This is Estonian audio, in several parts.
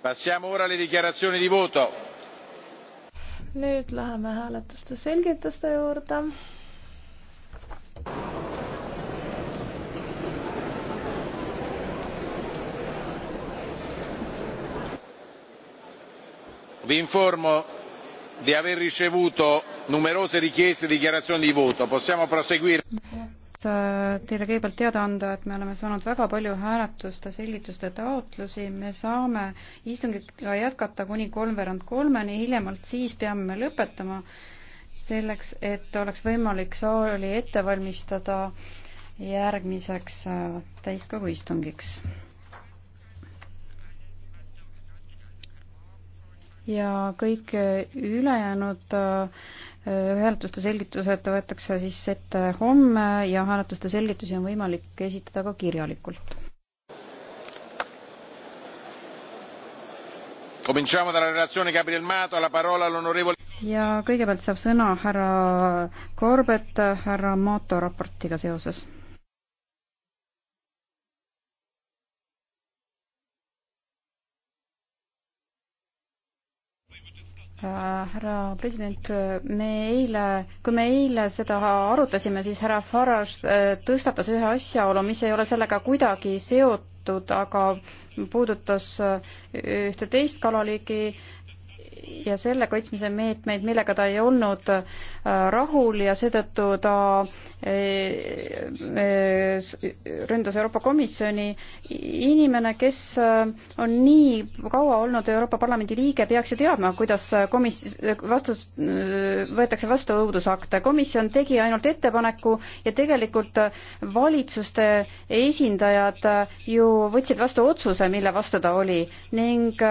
passiamo ora alle dichiarazioni di voto. nüüd läheme hääletuste selgituste juurde. vi informo di aver ricevuto numerose richieste di dichiarazione di voto possiamo proseguire. Äh, teile kõigepealt teada anda, et me oleme saanud väga palju hääletuste selgituste taotlusi, me saame istungiga jätkata kuni kolmveerand kolmeni, hiljemalt siis peame me lõpetama, selleks et oleks võimalik saali ette valmistada järgmiseks äh, täiskogu istungiks. ja kõik äh, ülejäänud äh, hääletuste selgitused võetakse siis ette homme ja hääletuste selgitusi on võimalik esitada ka kirjalikult. ja kõigepealt saab sõna härra Korbet härra Mato raportiga seoses härra president, me eile, kui me eile seda arutasime, siis härra Farage äh, tõstatas ühe asjaolu, mis ei ole sellega kuidagi seotud, aga puudutas äh, ühte teist kalaliiki äh, ja selle kaitsmise meetmeid, millega ta ei olnud äh, rahul ja seetõttu ta äh, äh, ründas Euroopa Komisjoni. inimene, kes on nii kaua olnud Euroopa Parlamendi liige, peaks ju teadma, kuidas komis-, vastus, võetakse vastu õudusakte. komisjon tegi ainult ettepaneku ja tegelikult valitsuste esindajad ju võtsid vastu otsuse, mille vastu ta oli ning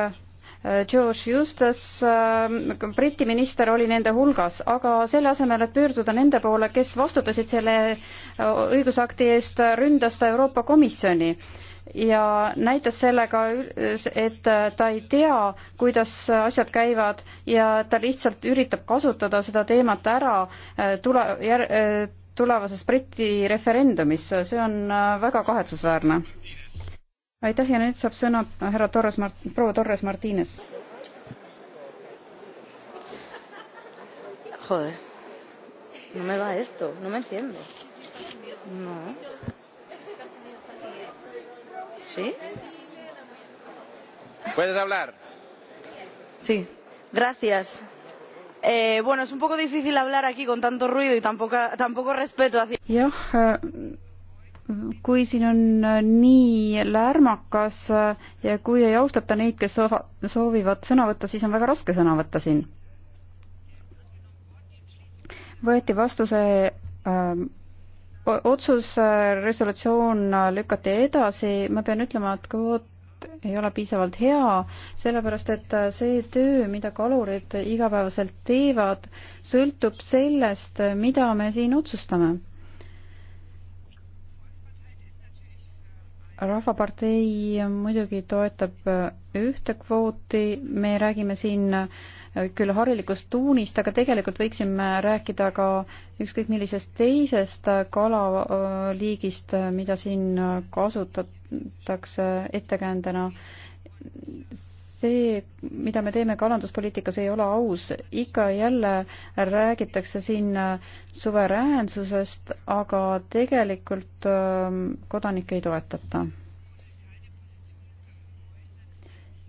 Äh, George Eustace, äh, Briti minister, oli nende hulgas, aga selle asemel, et pöörduda nende poole, kes vastutasid selle äh, õigusakti eest, ründas ta Euroopa Komisjoni ja näitas sellega, et ta ei tea, kuidas asjad käivad ja ta lihtsalt üritab kasutada seda teemat ära tule, jär, tulevases Briti referendumis, see on väga kahetsusväärne aitäh ja nüüd saab sõna härra Torres Mart-, proua Torres Martines. Joder, no me va esto, no me enciende. No. ¿Sí? ¿Puedes hablar? Sí, gracias. Eh, bueno, es un poco difícil hablar aquí con tanto ruido y tan poco, tan poco respeto hacia. Jah, kui siin on äh, nii lärmakas äh, ja kui ei austata neid, kes soovivad sõna võtta, siis on väga raske sõna võtta siin. võeti vastuse ähm, äh, otsus, resolutsioon äh, lükati edasi, ma pean ütlema, et kvoot ei ole piisavalt hea, sellepärast et see töö, mida kalurid igapäevaselt teevad, sõltub sellest, mida me siin otsustame rahvapartei muidugi toetab ühte kvooti, me räägime siin küll harilikust tuunist, aga tegelikult võiksime rääkida ka ükskõik millisest teisest kalaliigist, mida siin kasutatakse ettekäändena see, mida me teeme kalanduspoliitikas, ei ole aus. ikka ja jälle räägitakse siin äh, suveräänsusest, aga tegelikult ähm, kodanikke ei toetata.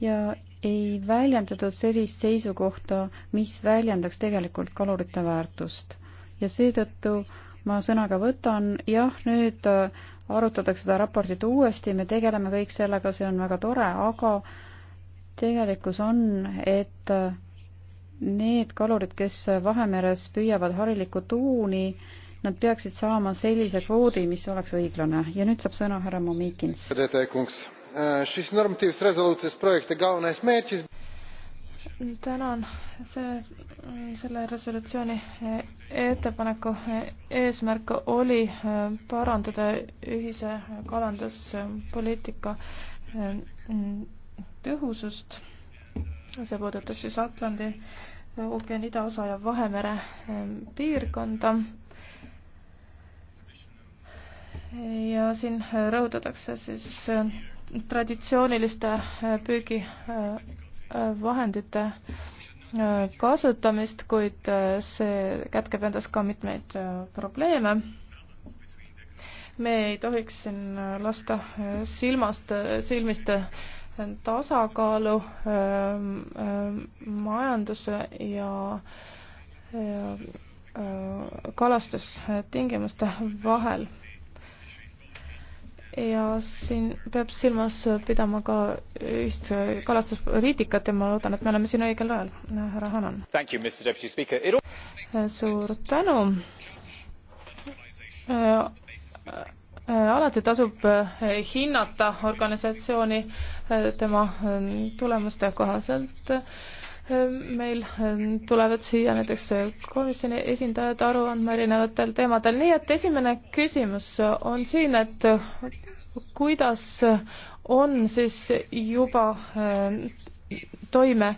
ja ei väljendatud sellist seisukohta, mis väljendaks tegelikult kalurite väärtust. ja seetõttu ma sõnaga võtan, jah, nüüd äh, arutatakse seda raportit uuesti, me tegeleme kõik sellega, see on väga tore, aga tegelikkus on, et need kalurid, kes Vahemeres püüavad harilikku tuuni, nad peaksid saama sellise kvoodi, mis oleks õiglane. ja nüüd saab sõna härra Momikins. tänan, see, selle resolutsiooni ettepaneku eesmärk oli äh, parandada ühise kalanduspoliitika äh, tõhusust. see puudutab siis Atlandi äh, ookeani idaosa ja Vahemere ähm, piirkonda. ja siin äh, rõhutatakse siis äh, traditsiooniliste püügivahendite kasutamist, kuid see kätkeb endas ka mitmeid probleeme. me ei tohiks siin lasta silmast, silmist tasakaalu ähm, ähm, majanduse ja, ja äh, kalastustingimuste vahel. ja siin peab silmas pidama ka ühist kalastuspoliitikat ja ma loodan, et me oleme siin õigel ajal, härra Hanan. suur tänu äh, äh, alati tasub hinnata organisatsiooni tema ähm, tulemuste kohaselt ähm, meil ähm, tulevad siia näiteks äh, komisjoni esindajad aru andma erinevatel teemadel, nii et esimene küsimus on siin, et äh, kuidas äh, on siis juba toime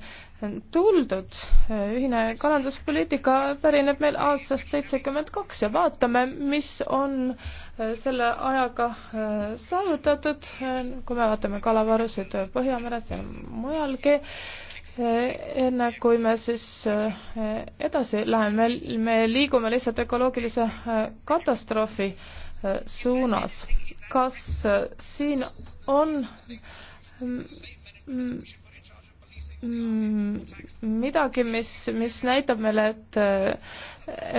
tuldud. ühine kalanduspoliitika pärineb meil aastast seitsekümmend kaks ja vaatame, mis on äh, selle ajaga äh, saavutatud, kui me vaatame kalavarusid Põhjameres ja mujalgi äh, enne kui me siis edasi läheme, me liigume lihtsalt ökoloogilise katastroofi suunas. kas siin on mm, mm, Mm, midagi, mis, mis näitab meile, et,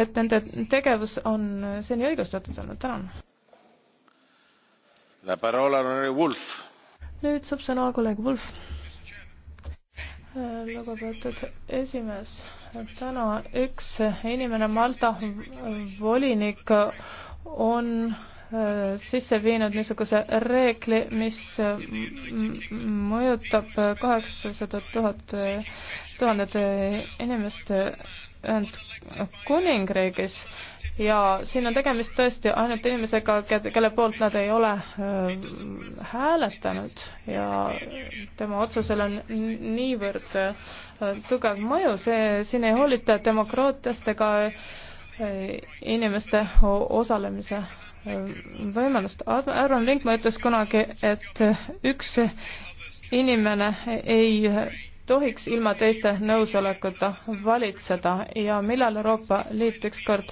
et nende tegevus on seni õigustatud olnud, tänan. nüüd saab sõna kolleeg Wolf. lugupeetud esimees, täna üks inimene, Malta volinik, on Äh, sisse viinud niisuguse reegli, mis äh, mõjutab kaheksasada tuhat, tuhandet inimest Ühendkuningriigis ja siin on tegemist tõesti ainult inimesega, kelle poolt nad ei ole äh, hääletanud ja tema otsusel on niivõrd tugev mõju, see, siin ei hoolita demokraatiast ega inimeste osalemise võimalust. Aaron Linkma ütles kunagi, et üks inimene ei tohiks ilma teiste nõusolekuta valitseda ja millal Euroopa Liit ükskord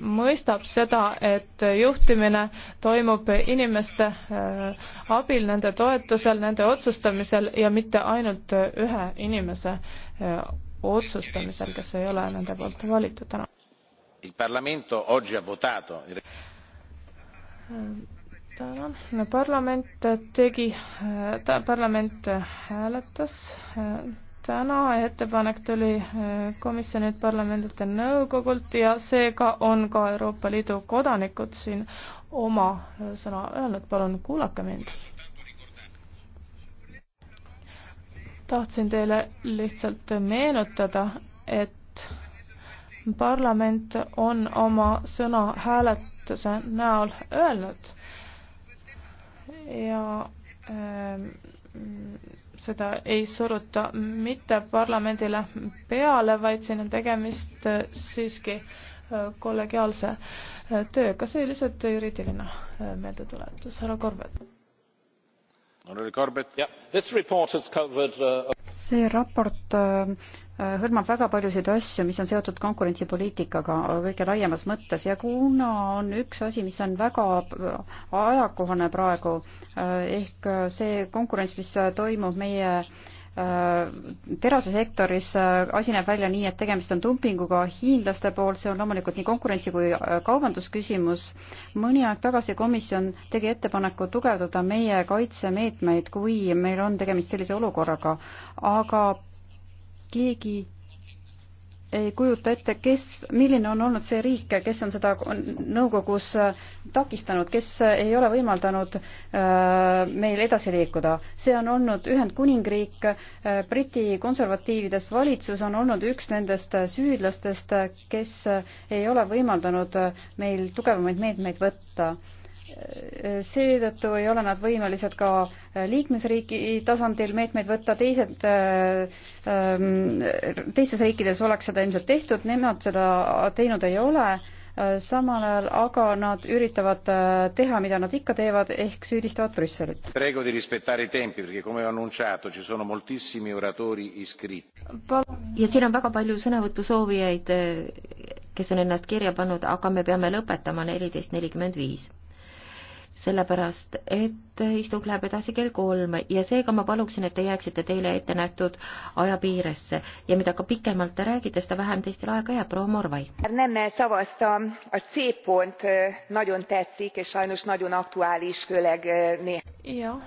mõistab seda, et juhtimine toimub inimeste äh, abil, nende toetusel, nende otsustamisel ja mitte ainult ühe inimese äh, otsustamisel, kes ei ole nende poolt valitud. tänan tänan, no parlament tegi, ta, parlament hääletas täna, ettepanek tuli komisjonilt, parlamendilt ja nõukogult ja seega on ka Euroopa Liidu kodanikud siin oma sõna öelnud, palun kuulake mind. tahtsin teile lihtsalt meenutada, et parlament on oma sõna hääletuse näol öelnud ja ähm, seda ei suruta mitte parlamendile peale, vaid siin on tegemist äh, siiski äh, kollegiaalse äh, tööga, see lihtsalt juriidiline meeldetuletus, härra Korbet. Uh, see raport hõlmab väga paljusid asju, mis on seotud konkurentsipoliitikaga kõige laiemas mõttes ja kuna on üks asi, mis on väga ajakohane praegu, eh, ehk see konkurents, mis toimub meie eh, terasesektoris eh, asi näeb välja nii, et tegemist on dumpinguga hiinlaste poolt, see on loomulikult nii konkurentsi kui kaubandusküsimus. mõni aeg tagasi komisjon tegi ettepaneku tugevdada meie kaitsemeetmeid, kui meil on tegemist sellise olukorraga, aga keegi ei kujuta ette, kes, milline on olnud see riik, kes on seda nõukogus äh, takistanud, kes äh, ei ole võimaldanud äh, meil edasi liikuda. see on olnud Ühendkuningriik, Briti konservatiivides valitsus on olnud üks nendest süüdlastest, kes ei ole võimaldanud meil tugevamaid meetmeid võtta seetõttu ei ole nad võimelised ka äh, liikmesriigi tasandil meetmeid võtta, teised, äh, ähm, teistes riikides oleks seda ilmselt tehtud, nemad seda teinud ei ole, äh, samal ajal aga nad üritavad teha, mida nad ikka teevad, ehk süüdistavad Brüsselit. ja siin on väga palju sõnavõtusoovijaid, kes on ennast kirja pannud, aga me peame lõpetama neliteist nelikümmend viis sellepärast et istung läheb edasi kell kolm ja seega ma paluksin, et te jääksite teile ette nähtud aja piiresse ja mida ka pikemalt te räägite, seda vähem teistel aega jääb, proua Morvai. Nemmel szavaztam, a C pont nagyon tetszik és sajnos nagyon aktuális, főleg né-. jah,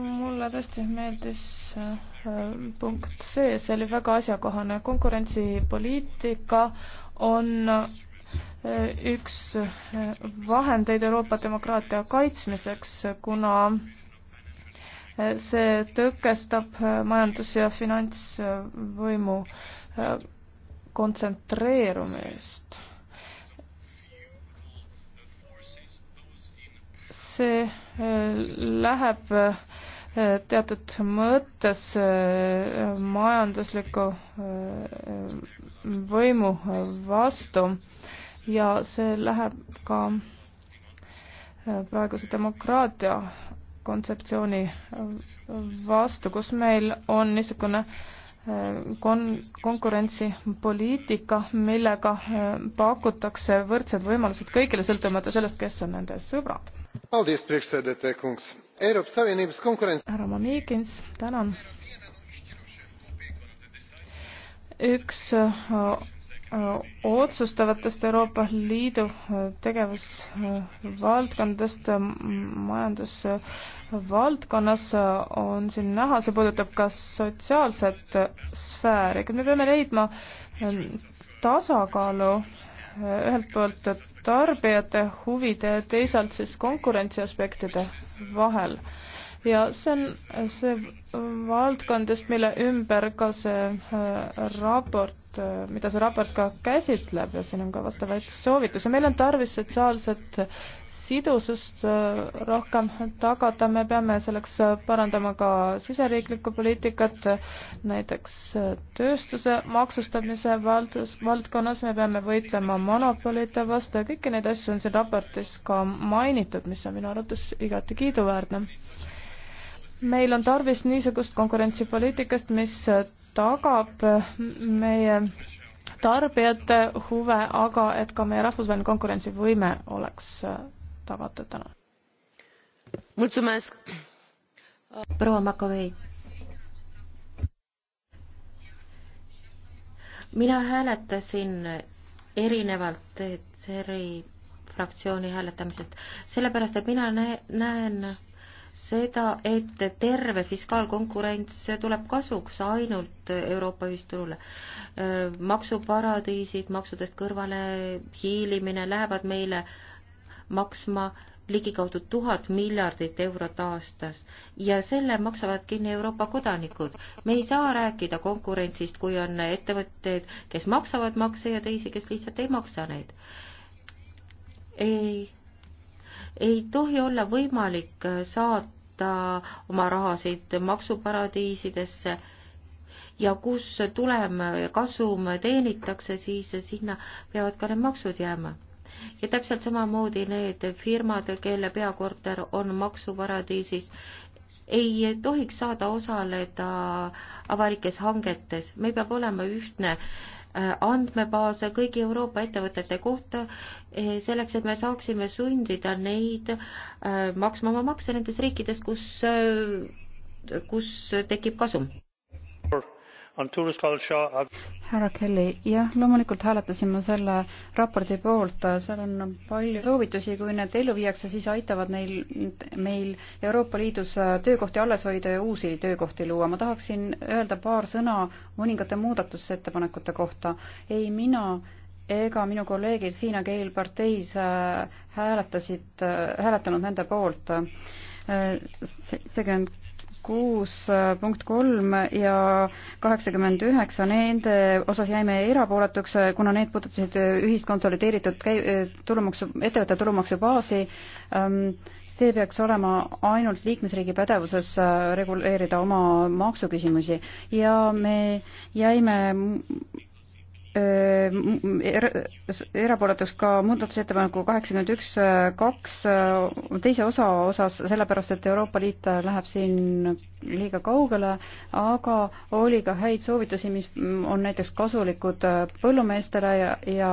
mulle tõesti meeldis punkt C, see oli väga asjakohane, konkurentsipoliitika on üks eh, vahendeid Euroopa demokraatia kaitsmiseks, kuna eh, see tõkestab eh, majandus- ja finantsvõimu kontsentreerumist. see läheb teatud mõttes majandusliku võimu vastu ja see läheb ka äh, praeguse demokraatia kontseptsiooni äh, vastu, kus meil on niisugune äh, kon-, konkurentsipoliitika, millega pakutakse võrdsed võimalused kõigile, sõltumata sellest, kes on nende sõbrad. härra Mamikins, tänan. üks otsustavatest Euroopa Liidu äh, tegevusvaldkondadest äh, majandusvaldkonnas äh, on siin näha, see puudutab ka sotsiaalset sfääri, kuid me peame leidma tasakaalu ühelt poolt tarbijate huvide ja teisalt siis konkurentsi aspektide vahel. ja see on see valdkond just, mille ümber ka see raport Äh, mida see raport ka käsitleb ja siin on ka vastavaid soovitusi. meil on tarvis sotsiaalset sidusust äh, rohkem tagada, me peame selleks äh, parandama ka siseriiklikku poliitikat, näiteks tööstuse maksustamise valdus, valdkonnas me peame võitlema monopolide vastu ja kõiki neid asju on siin raportis ka mainitud, mis on minu arvates igati kiiduväärne meil on tarvis niisugust konkurentsipoliitikast, mis tagab meie tarbijate huve, aga et ka meie rahvusvaheline konkurentsivõime oleks äh, tagatud täna. proua Makovei. mina hääletasin erinevalt ECR-i fraktsiooni hääletamisest, sellepärast et mina näen seda, et terve fiskaalkonkurents tuleb kasuks ainult Euroopa ühisturule. maksuparadiisid, maksudest kõrvale hiilimine lähevad meile maksma ligikaudu tuhat miljardit eurot aastas ja selle maksavad kinni Euroopa kodanikud. me ei saa rääkida konkurentsist, kui on ettevõtteid, kes maksavad makse ja teisi, kes lihtsalt ei maksa neid. ei ei tohi olla võimalik äh, saata oma rahasid maksuparadiisidesse ja kus tulem ja kasum teenitakse, siis sinna peavad ka need maksud jääma. ja täpselt samamoodi need firmad, kelle peakorter on maksuparadiisis, ei tohiks saada osaleda avalikes hangetes, meil peab olema ühtne äh, Äh, andmebaase kõigi Euroopa ettevõtete kohta, eh, selleks et me saaksime sundida neid äh, maksma oma makse nendes riikides, kus, äh, kus tekib kasum härra Kelly, jah, loomulikult hääletasin ma selle raporti poolt, seal on palju soovitusi, kui need ellu viiakse, siis aitavad neil, meil Euroopa Liidus töökohti alles hoida ja uusi töökohti luua. ma tahaksin öelda paar sõna mõningate muudatusettepanekute kohta. ei mina ega minu kolleegid Fiina Keil parteis äh, hääletasid, äh, hääletanud nende poolt. Äh, seega on kuus äh, punkt kolm ja kaheksakümmend üheksa, nende osas jäime erapooletuks, äh, kuna need puudutasid äh, ühist konsolideeritud käi-, tulumaksu, ettevõtte tulumaksu baasi. Ähm, see peaks olema ainult liikmesriigi pädevuses reguleerida oma maksuküsimusi ja me jäime Er-, erapooletuks ka muudatusettepaneku kaheksakümmend üks äh, kaks äh, teise osa osas, sellepärast et Euroopa Liit läheb siin liiga kaugele, aga oli ka häid soovitusi, mis on näiteks kasulikud äh, põllumeestele ja, ja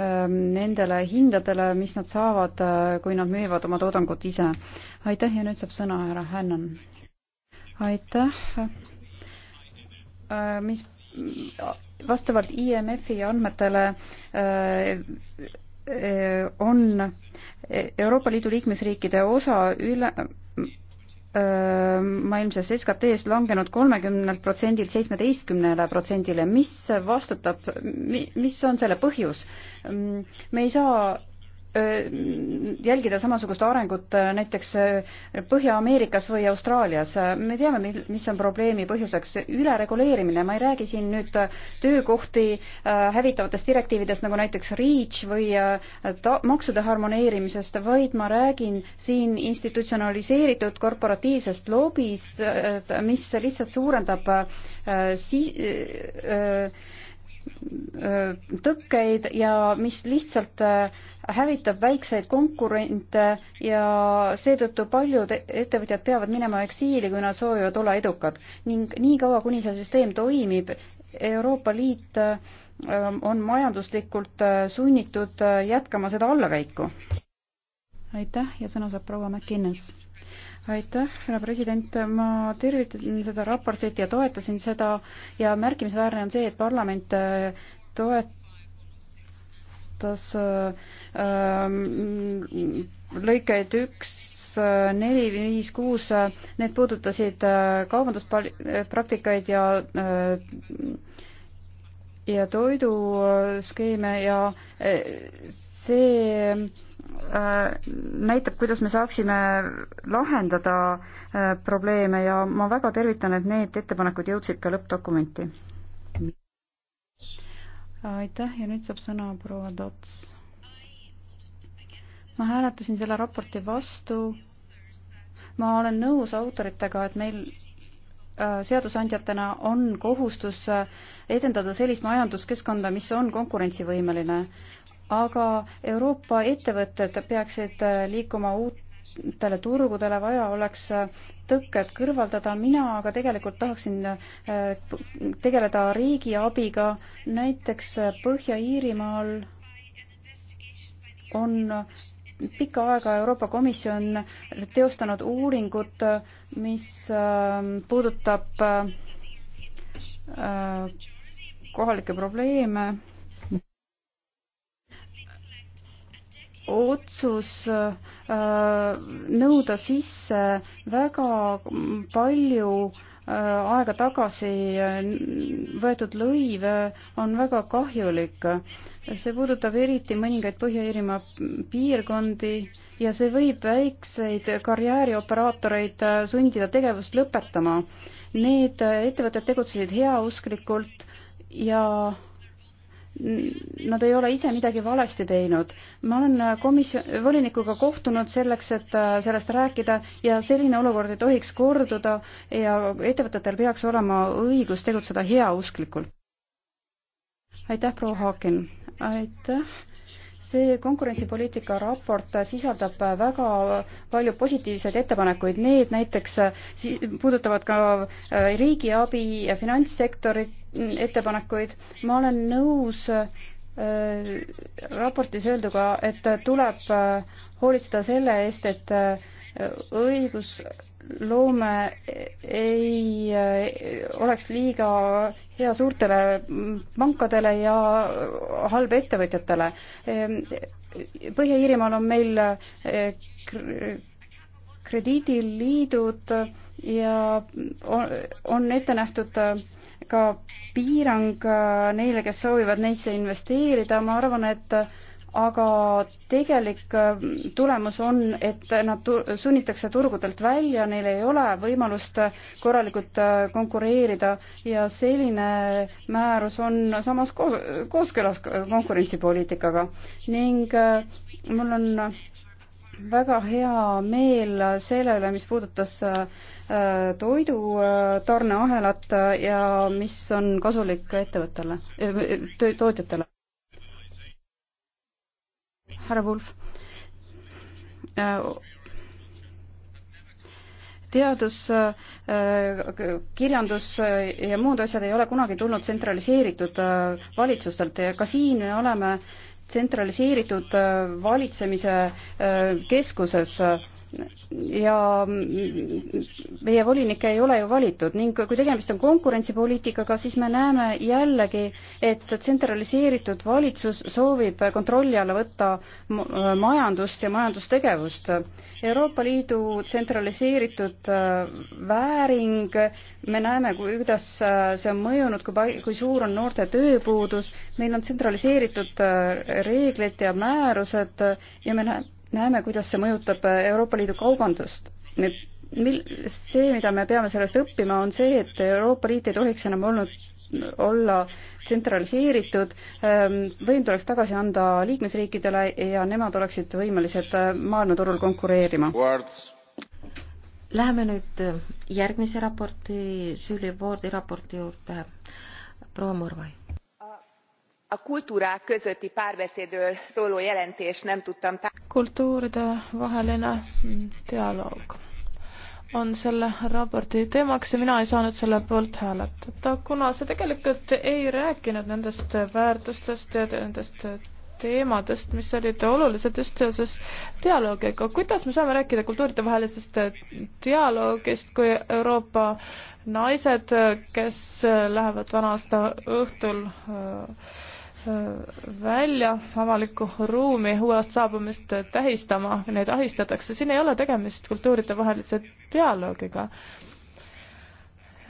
ähm, nendele hindadele, mis nad saavad, kui nad müüvad oma toodangut ise. aitäh ja nüüd saab sõna härra Hännan. aitäh mis vastavalt IMF-i andmetele äh, äh, on Euroopa Liidu liikmesriikide osa üle äh, maailmses SKT-s langenud kolmekümnelt protsendilt seitsmeteistkümnele protsendile. mis vastutab, mis on selle põhjus? Mm, me ei saa Äh, jälgida samasugust arengut äh, näiteks äh, Põhja-Ameerikas või Austraalias. me teame, mis on probleemi põhjuseks, ülereguleerimine, ma ei räägi siin nüüd töökohti hävitavatest direktiividest nagu näiteks REACH või ta-, maksude harmoneerimisest, vaid ma räägin siin institutsionaliseeritud korporatiivsest lobist, mis lihtsalt suurendab si-, Äh, tõkkeid ja mis lihtsalt äh, hävitab väikseid konkurente ja seetõttu paljud e-, ettevõtjad peavad minema eksiili, kui nad soovivad olla edukad. ning niikaua, kuni see süsteem toimib, Euroopa Liit äh, on majanduslikult sunnitud jätkama seda allakäiku. aitäh ja sõna saab proua McInnes aitäh, härra president, ma tervitan seda raportit ja toetasin seda ja märkimisväärne on see, et parlament äh, toetas ähm, lõikeid üks äh, neli, viis, kuus, need puudutasid äh, kaubanduspraktikaid ja ja toiduskeeme ja see Äh, näitab, kuidas me saaksime lahendada äh, probleeme ja ma väga tervitan, et need ettepanekud jõudsid ka lõppdokumenti. aitäh ja nüüd saab sõna proua Tots. ma hääletasin selle raporti vastu. ma olen nõus autoritega, et meil äh, seadusandjatena on kohustus edendada sellist majanduskeskkonda, mis on konkurentsivõimeline aga Euroopa ettevõtted peaksid äh, liikuma uutele turgudele, vaja oleks äh, tõkked kõrvaldada, mina aga tegelikult tahaksin äh, tegeleda riigiabiga, näiteks Põhja-Iirimaal on pikka aega Euroopa Komisjon teostanud uuringut, mis puudutab kohalikke probleeme otsus äh, nõuda sisse väga palju äh, aega tagasi äh, võetud lõiv on väga kahjulik. see puudutab eriti mõningaid Põhja-Iirimaa piirkondi ja see võib väikseid karjäärioperaatoreid sundida tegevust lõpetama. Need ettevõtted tegutsesid heausklikult ja nad ei ole ise midagi valesti teinud. ma olen äh, komisjon, volinikuga kohtunud selleks, et äh, sellest rääkida ja selline olukord ei tohiks korduda ja ettevõtetel peaks olema õigus tegutseda heausklikult. aitäh, proua Haakin. aitäh see konkurentsipoliitika raport sisaldab väga palju positiivseid ettepanekuid, need näiteks puudutavad ka äh, riigiabi ja finantssektori ettepanekuid. ma olen nõus äh, raportis öelduga, et tuleb äh, hoolitseda selle eest, et õigus loome ei oleks liiga hea suurtele pankadele ja halb ettevõtjatele. Põhja-Iirimaal on meil eh, krediidiliidud ja on ette nähtud eh, ka piirang eh, neile, kes soovivad neisse investeerida, ma arvan, et aga tegelik äh, tulemus on, et nad sunnitakse turgudelt välja, neil ei ole võimalust korralikult äh, konkureerida ja selline määrus on samas koos, kooskõlas konkurentsipoliitikaga ning äh, mul on väga hea meel selle üle, mis puudutas toidu tarneahelat ja mis on kasulik ettevõttele, tootjatele härra Wolf. teadus, kirjandus ja muud asjad ei ole kunagi tulnud tsentraliseeritud äh, valitsustelt ja ka siin me oleme tsentraliseeritud äh, valitsemise äh, keskuses ja meie volinikke ei ole ju valitud ning kui tegemist on konkurentsipoliitikaga, siis me näeme jällegi, et tsentraliseeritud valitsus soovib kontrolli alla võtta majandust ja majandustegevust. Euroopa Liidu tsentraliseeritud äh, vääring, me näeme, kuidas äh, see on mõjunud, kui, kui suur on noorte tööpuudus, meil on tsentraliseeritud äh, reeglid ja määrused ja me näeme, näeme, kuidas see mõjutab Euroopa Liidu kaubandust. me, mil-, see, mida me peame sellest õppima, on see, et Euroopa Liit ei tohiks enam olnud, olla tsentraliseeritud, ähm, võim tuleks tagasi anda liikmesriikidele ja nemad oleksid võimelised äh, maailmaturul konkureerima. Läheme nüüd äh, järgmise raporti, Julie Wardi raporti juurde, proua Murvai a kultúrák közötti párbeszédről szóló jelentést nem tudtam kultuuride vaheline dialoog on selle raporti teemaks ja mina ei saanud selle poolt hääletada, kuna see tegelikult ei rääkinud nendest väärtustest ja nendest teemadest, mis olid olulised just seoses dialoogiga. kuidas me saame rääkida kultuuride vahelisest dialoogist, kui Euroopa naised, kes lähevad vana aasta õhtul äh, välja avalikku ruumi uuest saabumist tähistama, neid ahistatakse, siin ei ole tegemist kultuuridevahelise dialoogiga.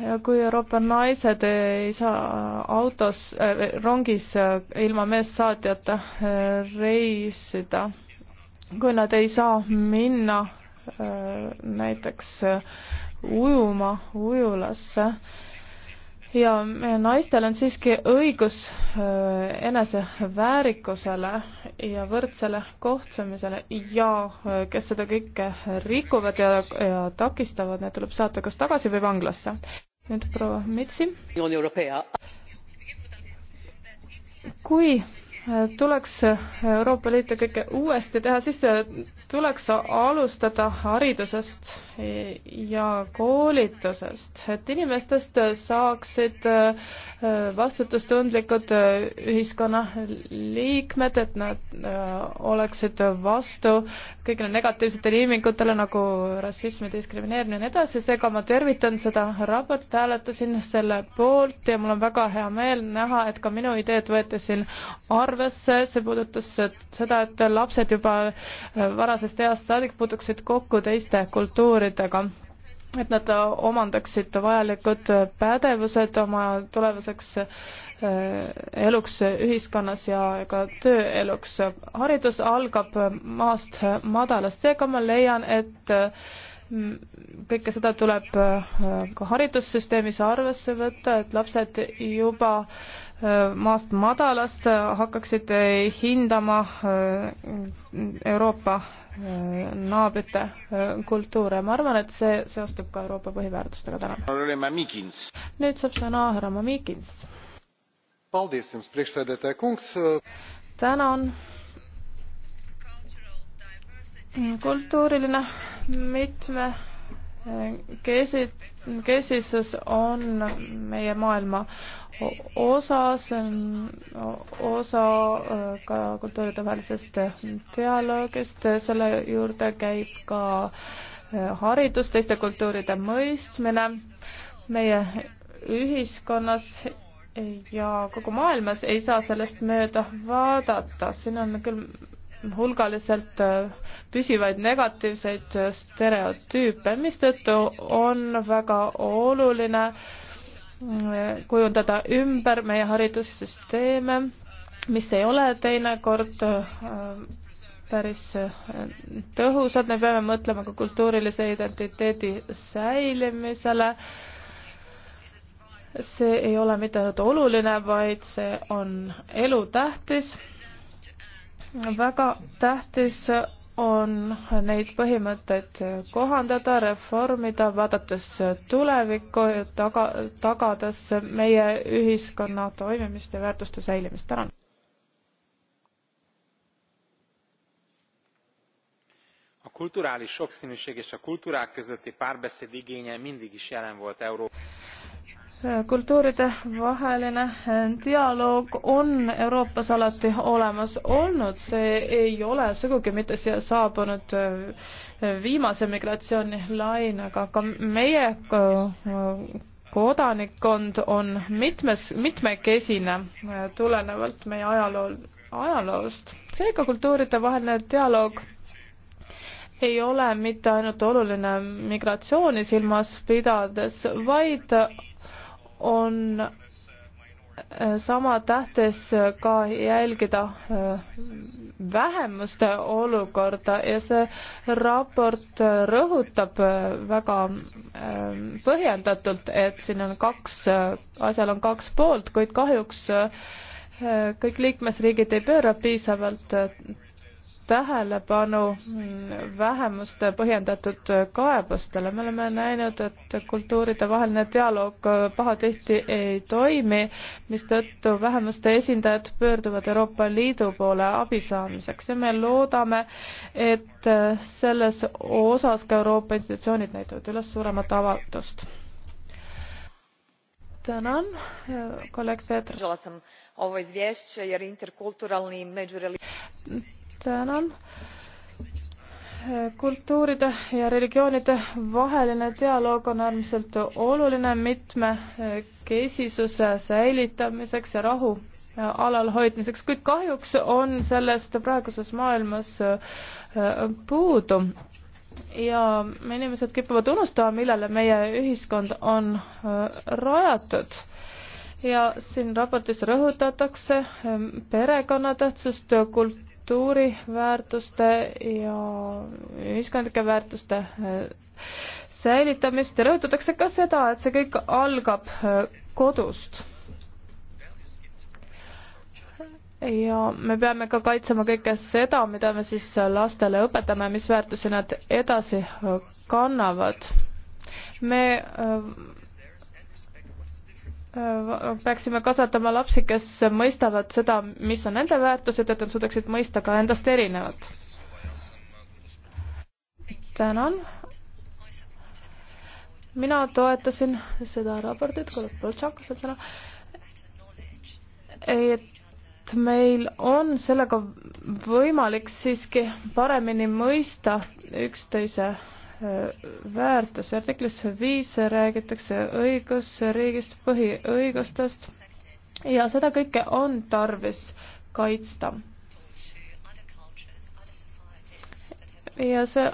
ja kui Euroopa naised ei saa autos äh,, rongis äh, ilma meessaatjata äh, reisida, kui nad ei saa minna äh, näiteks äh, ujuma ujulasse äh,, ja naistel on siiski õigus äh, eneseväärikusele ja võrdsele kohtlemisele ja äh, kes seda kõike rikuvad ja, ja takistavad, need tuleb saata kas tagasi või vanglasse. nüüd proua Mitsi. kui tuleks Euroopa Liitu kõike uuesti teha, siis tuleks alustada haridusest ja koolitusest, et inimestest saaksid vastutustundlikud ühiskonnaliikmed, et nad oleksid vastu kõigile negatiivsetele ilmingutele nagu rassism ja diskrimineerimine ja nii edasi, seega ma tervitan seda raportit, hääletasin selle poolt ja mul on väga hea meel näha, et ka minu ideed võeti siin arvesse arvesse, see puudutas seda, et lapsed juba äh, varasest east saadik puutuksid kokku teiste kultuuridega et nad omandaksid vajalikud pädevused oma tulevaseks äh, eluks ühiskonnas ja ka tööeluks. haridus algab maast madalast, seega ma leian, et mm, kõike seda tuleb äh, ka haridussüsteemis arvesse võtta, et lapsed juba äh, Äh, maast madalast äh, hakkaksid hindama äh, Euroopa naabrite kultuure. ma arvan, et see seostub ka Euroopa põhiväärtustega täna. nüüd saab sõna härra Mamikins. tänan. kultuuriline mitme Keesid, kesisus on meie maailma osas, osa äh, ka kultuuridevahelisest dialoogist, selle juurde käib ka äh, haridus, teiste kultuuride mõistmine meie ühiskonnas ja kogu maailmas ei saa sellest mööda vaadata, siin on küll hulgaliselt äh, püsivaid negatiivseid äh, stereotüüpe, mistõttu on väga oluline äh, kujundada ümber meie haridussüsteeme, mis ei ole teinekord päris tõhusad, me peame mõtlema ka kultuurilise identiteedi säilimisele. see ei ole mitte ainult oluline, vaid see on elutähtis väga tähtis on neid põhimõtteid kohandada, reformida, vaadates tulevikku ja taga, tagades meie ühiskonna toimimist ja väärtuste säilimist. tänan. a kulturális sokszínűség és a kultúrák közötti párbeszéd igénye mindig is jelen volt Európában kultuuride vaheline dialoog on Euroopas alati olemas olnud, see ei ole sugugi mitte siia saabunud äh, viimase migratsioonilainega, aga meie äh, kodanikkond on mitmes, mitmekesine äh, tulenevalt meie ajalool, ajaloost. seega kultuuride vaheline dialoog ei ole mitte ainult oluline migratsiooni silmas pidades, vaid on äh, sama tähtis ka jälgida äh, vähemuste olukorda ja see raport rõhutab äh, väga põhjendatult, et siin on kaks, asjal on kaks poolt, kuid kahjuks kõik liikmesriigid ei pööra piisavalt tähelepanu vähemuste põhjendatud kaebustele. me oleme näinud, et kultuuridevaheline dialoog pahatihti ei toimi, mistõttu vähemuste esindajad pöörduvad Euroopa Liidu poole abi saamiseks ja me loodame, et selles osas ka Euroopa institutsioonid näitavad üles suuremat avaldust. tänan, kolleeg Peeter tänan. kultuuride ja religioonide vaheline dialoog on äärmiselt oluline mitmekesisuse säilitamiseks ja rahu alalhoidmiseks, kuid kahjuks on sellest praeguses maailmas äh, puudu ja inimesed kipuvad unustama, millele meie ühiskond on äh, rajatud. ja siin raportis rõhutatakse äh, perekonna tähtsust, kult-, kultuuriväärtuste ja ühiskondlike väärtuste äh, säilitamist ja rõhutatakse ka seda, et see kõik algab äh, kodust. ja me peame ka kaitsema kõike seda, mida me siis lastele õpetame, mis väärtusi nad edasi äh, kannavad. me Äh, peaksime kasvatama lapsi, kes mõistavad seda, mis on nende väärtused, et nad suudaksid mõista ka endast erinevat. tänan. mina toetasin seda raportit, et meil on sellega võimalik siiski paremini mõista üksteise väärtus. artiklis viis räägitakse õigusriigist, põhiõigustest ja seda kõike on tarvis kaitsta. ja see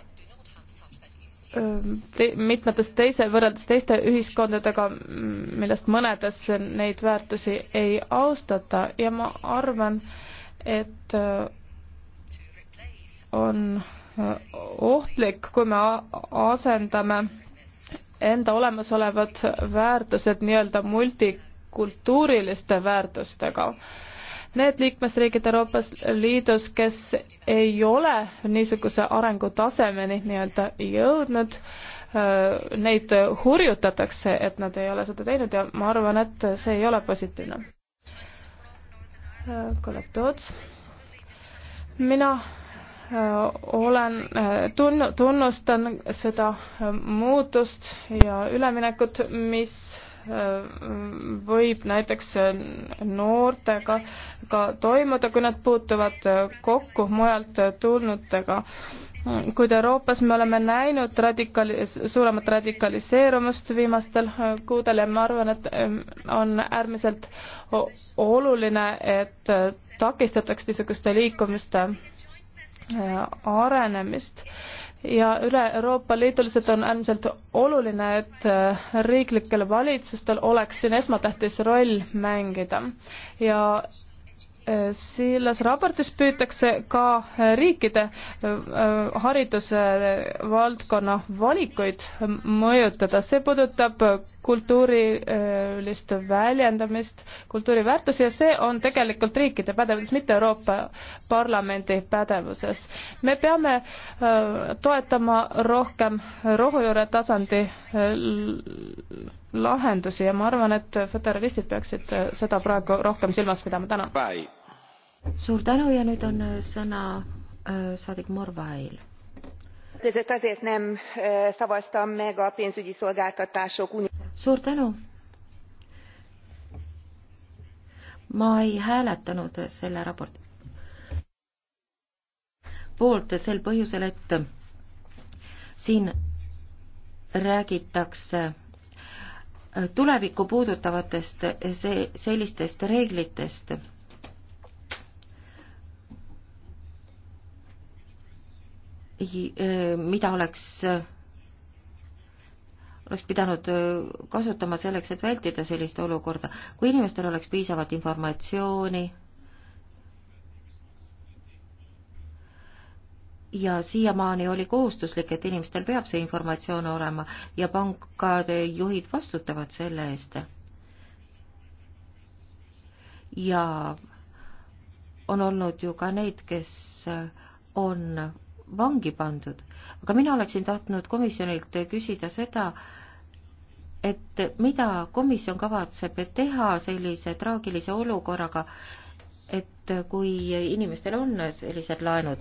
te, mitmetes teise, võrreldes teiste ühiskondadega, millest mõnedes neid väärtusi ei austata ja ma arvan, et on ohtlik, kui me asendame enda olemasolevad väärtused nii-öelda multikultuuriliste väärtustega need liikmesriigid Euroopas Liidus, kes ei ole niisuguse arengutasemeni nii-öelda jõudnud, äh, neid hurjutatakse, et nad ei ole seda teinud ja ma arvan, et see ei ole positiivne. Äh, kolleeg Toots. mina Äh, olen äh, tunn-, tunnustan seda äh, muutust ja üleminekut, mis võib näiteks noortega ka toimuda, kui nad puutuvad kokku mujalt tulnutega. kuid Euroopas me oleme näinud radikali-, suuremat radikaliseerumist viimastel kuudel ja ma arvan, et on äärmiselt oluline, et takistataks niisuguste liikumiste arenemist ja üle Euroopa Liiduliselt on äärmiselt oluline, et äh, riiklikel valitsustel oleks siin esmatähtis roll mängida ja selles raportis püütakse ka riikide äh, hariduse äh, valdkonna valikuid mõjutada, see puudutab kultuurilist väljendamist, kultuuriväärtusi ja see on tegelikult riikide pädevuses, mitte Euroopa Parlamendi pädevuses. me peame äh, toetama rohkem rohujuure tasandi lahendusi ja ma arvan, et föderalistid peaksid seda praegu rohkem silmas pidama, tänan suur tänu ja nüüd on äh, sõna äh, saadik Morvail. suur tänu. ma ei hääletanud selle raporti poolt sel põhjusel, et siin räägitakse äh, tulevikku puudutavatest see, sellistest reeglitest E, mida oleks, oleks pidanud e, kasutama selleks, et vältida sellist olukorda. kui inimestel oleks piisavalt informatsiooni ja siiamaani oli kohustuslik, et inimestel peab see informatsioon olema ja pankade juhid vastutavad selle eest. ja on olnud ju ka neid, kes on vangi pandud. aga mina oleksin tahtnud komisjonilt küsida seda, et mida komisjon kavatseb teha sellise traagilise olukorraga, et kui inimestel on sellised laenud?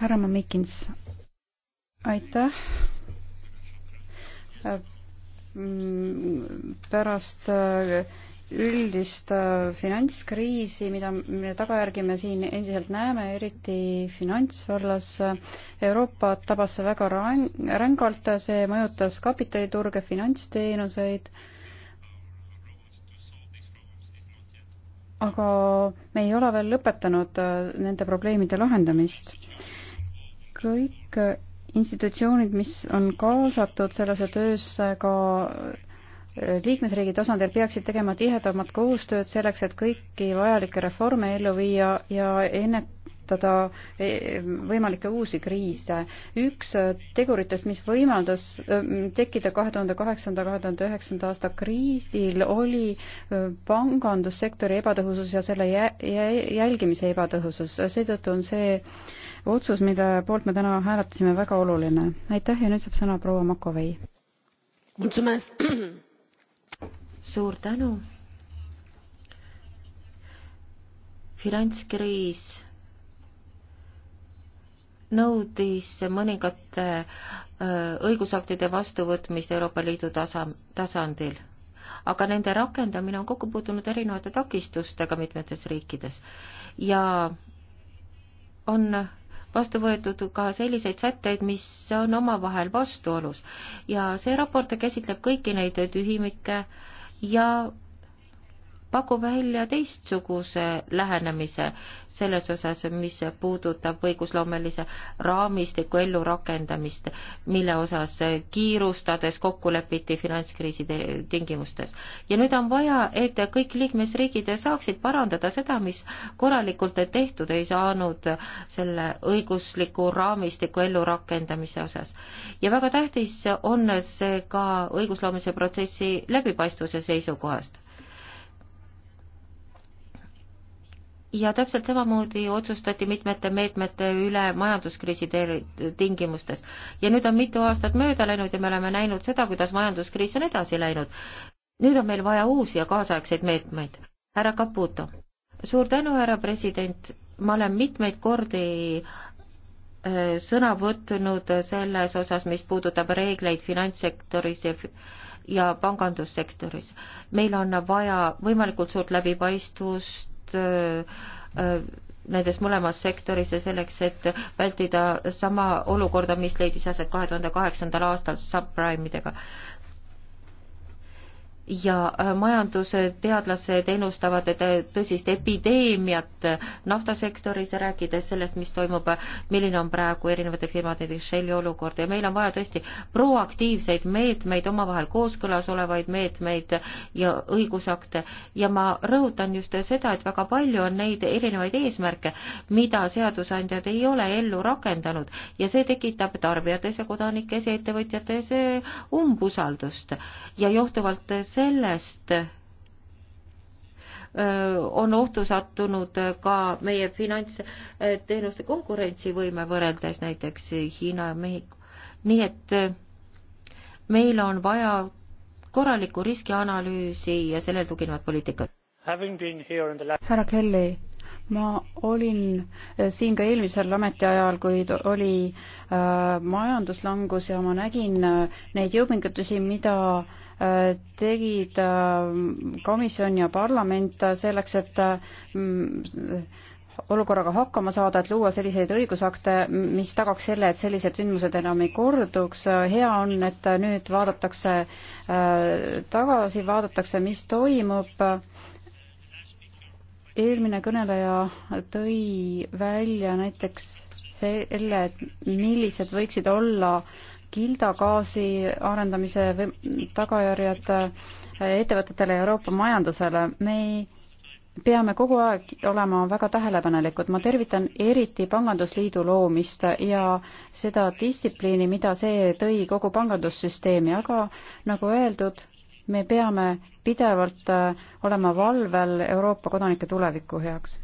härra Mamikins, aitäh äh, pärast äh, üldist äh, finantskriisi, mida, mille tagajärgi me siin endiselt näeme, eriti finantsvallas. Euroopat tabas see väga rängalt, see mõjutas kapitaliturge, finantsteenuseid. aga me ei ole veel lõpetanud äh, nende probleemide lahendamist. kõik institutsioonid, mis on kaasatud sellesse töösse, ka liikmesriigi tasandil peaksid tegema tihedamat koostööd selleks, et kõiki vajalikke reforme ellu viia ja ennetada e, võimalikke uusi kriise. üks teguritest, mis võimaldas e, tekkida kahe tuhande kaheksanda, kahe tuhande üheksanda aasta kriisil, oli e, pangandussektori ebatõhusus ja selle jälgimise ebatõhusus. seetõttu on see otsus, mille poolt me täna hääletasime, väga oluline. aitäh ja nüüd saab sõna proua Makovei. mulțumesc suur tänu. finantskriis nõudis mõningate õigusaktide vastuvõtmist Euroopa Liidu tasa, tasandil, aga nende rakendamine on kokku puutunud erinevate takistustega mitmetes riikides ja on vastu võetud ka selliseid sätteid, mis on omavahel vastuolus ja see raport käsitleb kõiki neid tühimikke äh, ja pakub välja teistsuguse lähenemise selles osas, mis puudutab õigusloomelise raamistiku ellurakendamist, mille osas kiirustades kokku lepiti finantskriisi tingimustes. ja nüüd on vaja, et kõik liikmesriigid saaksid parandada seda, mis korralikult tehtud ei saanud selle õigusliku raamistiku ellurakendamise osas. ja väga tähtis on see ka õigusloomise protsessi läbipaistvuse seisukohast ja täpselt samamoodi otsustati mitmete meetmete üle majanduskriisi tingimustes. ja nüüd on mitu aastat mööda läinud ja me oleme näinud seda, kuidas majanduskriis on edasi läinud. nüüd on meil vaja uusi ja kaasaegseid meetmeid. härra Caputo. suur tänu, härra president, ma olen mitmeid kordi äh, sõna võtnud selles osas, mis puudutab reegleid finantssektoris ja ja pangandussektoris. meil on vaja võimalikult suurt läbipaistvust, Äh, äh, nendes mõlemas sektoris ja selleks, et vältida sama olukorda, mis leidis aset kahe tuhande kaheksandal aastal subprime idega ja äh, majandusteadlased ennustavad äh, tõsist epideemiat äh, naftasektoris ja rääkides sellest, mis toimub, milline on praegu erinevate firmade, näiteks Shelli olukord ja meil on vaja tõesti proaktiivseid meetmeid, omavahel kooskõlas olevaid meetmeid ja õigusakte ja ma rõhutan just seda, et väga palju on neid erinevaid eesmärke, mida seadusandjad ei ole ellu rakendanud ja see tekitab tarbijates ja kodanikes ja ettevõtjates umbusaldust ja johtuvalt sellest sellest on ohtu sattunud ka meie finantsteenuste konkurentsivõime võrreldes näiteks Hiina ja Mehhiko. nii et meil on vaja korralikku riskianalüüsi ja sellel tuginevat poliitikat. härra Kelly, ma olin eh, siin ka eelmisel ametiajal, kui oli äh, majanduslangus ja ma nägin äh, neid jõupingutusi, mida äh, tegid äh, komisjon ja parlament selleks, et äh, olukorraga hakkama saada, et luua selliseid õigusakte, mis tagaks selle, et sellised sündmused enam ei korduks. hea on, et nüüd vaadatakse tagasi, vaadatakse, mis toimub eelmine kõneleja tõi välja näiteks selle, et millised võiksid olla kildagaasi arendamise tagajärjed ettevõtetele ja Euroopa majandusele. me ei peame kogu aeg olema väga tähelepanelikud. ma tervitan eriti Pangandusliidu loomist ja seda distsipliini, mida see tõi kogu pangandussüsteemi, aga nagu öeldud, me peame pidevalt äh, olema valvel Euroopa kodanike tuleviku heaks.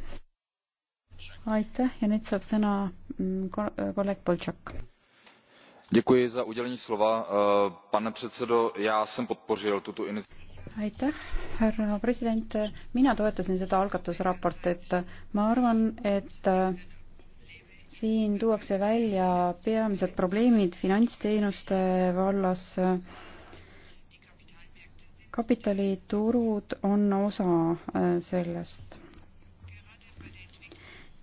aitäh ja nüüd saab sõna mm, äh, kolleeg Boltšak äh, pane předsedající já jsem podpořil tuto iniciatiivu. mina toetasin seda algatusraportit. ma arvan et siin tuuakse välja peamised probleemid finantsteenuste vallas ja kapitaliturud on osa äh, sellest.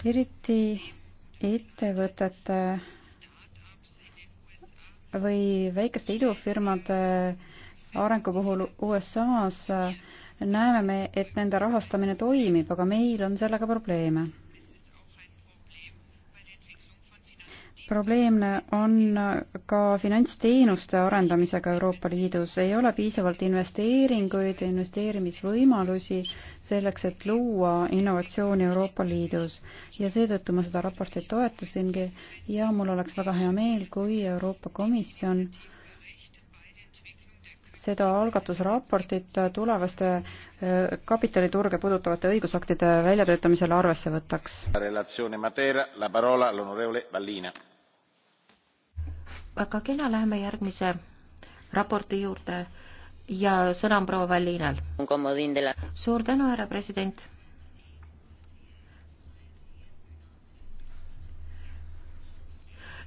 eriti ettevõtete või väikeste idufirmade arengu puhul USA-s äh, näeme me, et nende rahastamine toimib, aga meil on sellega probleeme probleemne on ka finantsteenuste arendamisega Euroopa Liidus. ei ole piisavalt investeeringuid, investeerimisvõimalusi selleks, et luua innovatsiooni Euroopa Liidus. ja seetõttu ma seda raportit toetasingi ja mul oleks väga hea meel, kui Euroopa Komisjon seda algatusraportit tulevaste äh, kapitaliturge puudutavate õigusaktide väljatöötamisel arvesse võtaks väga kena, läheme järgmise raporti juurde ja sõna on proua Vallinal. suur tänu, härra president.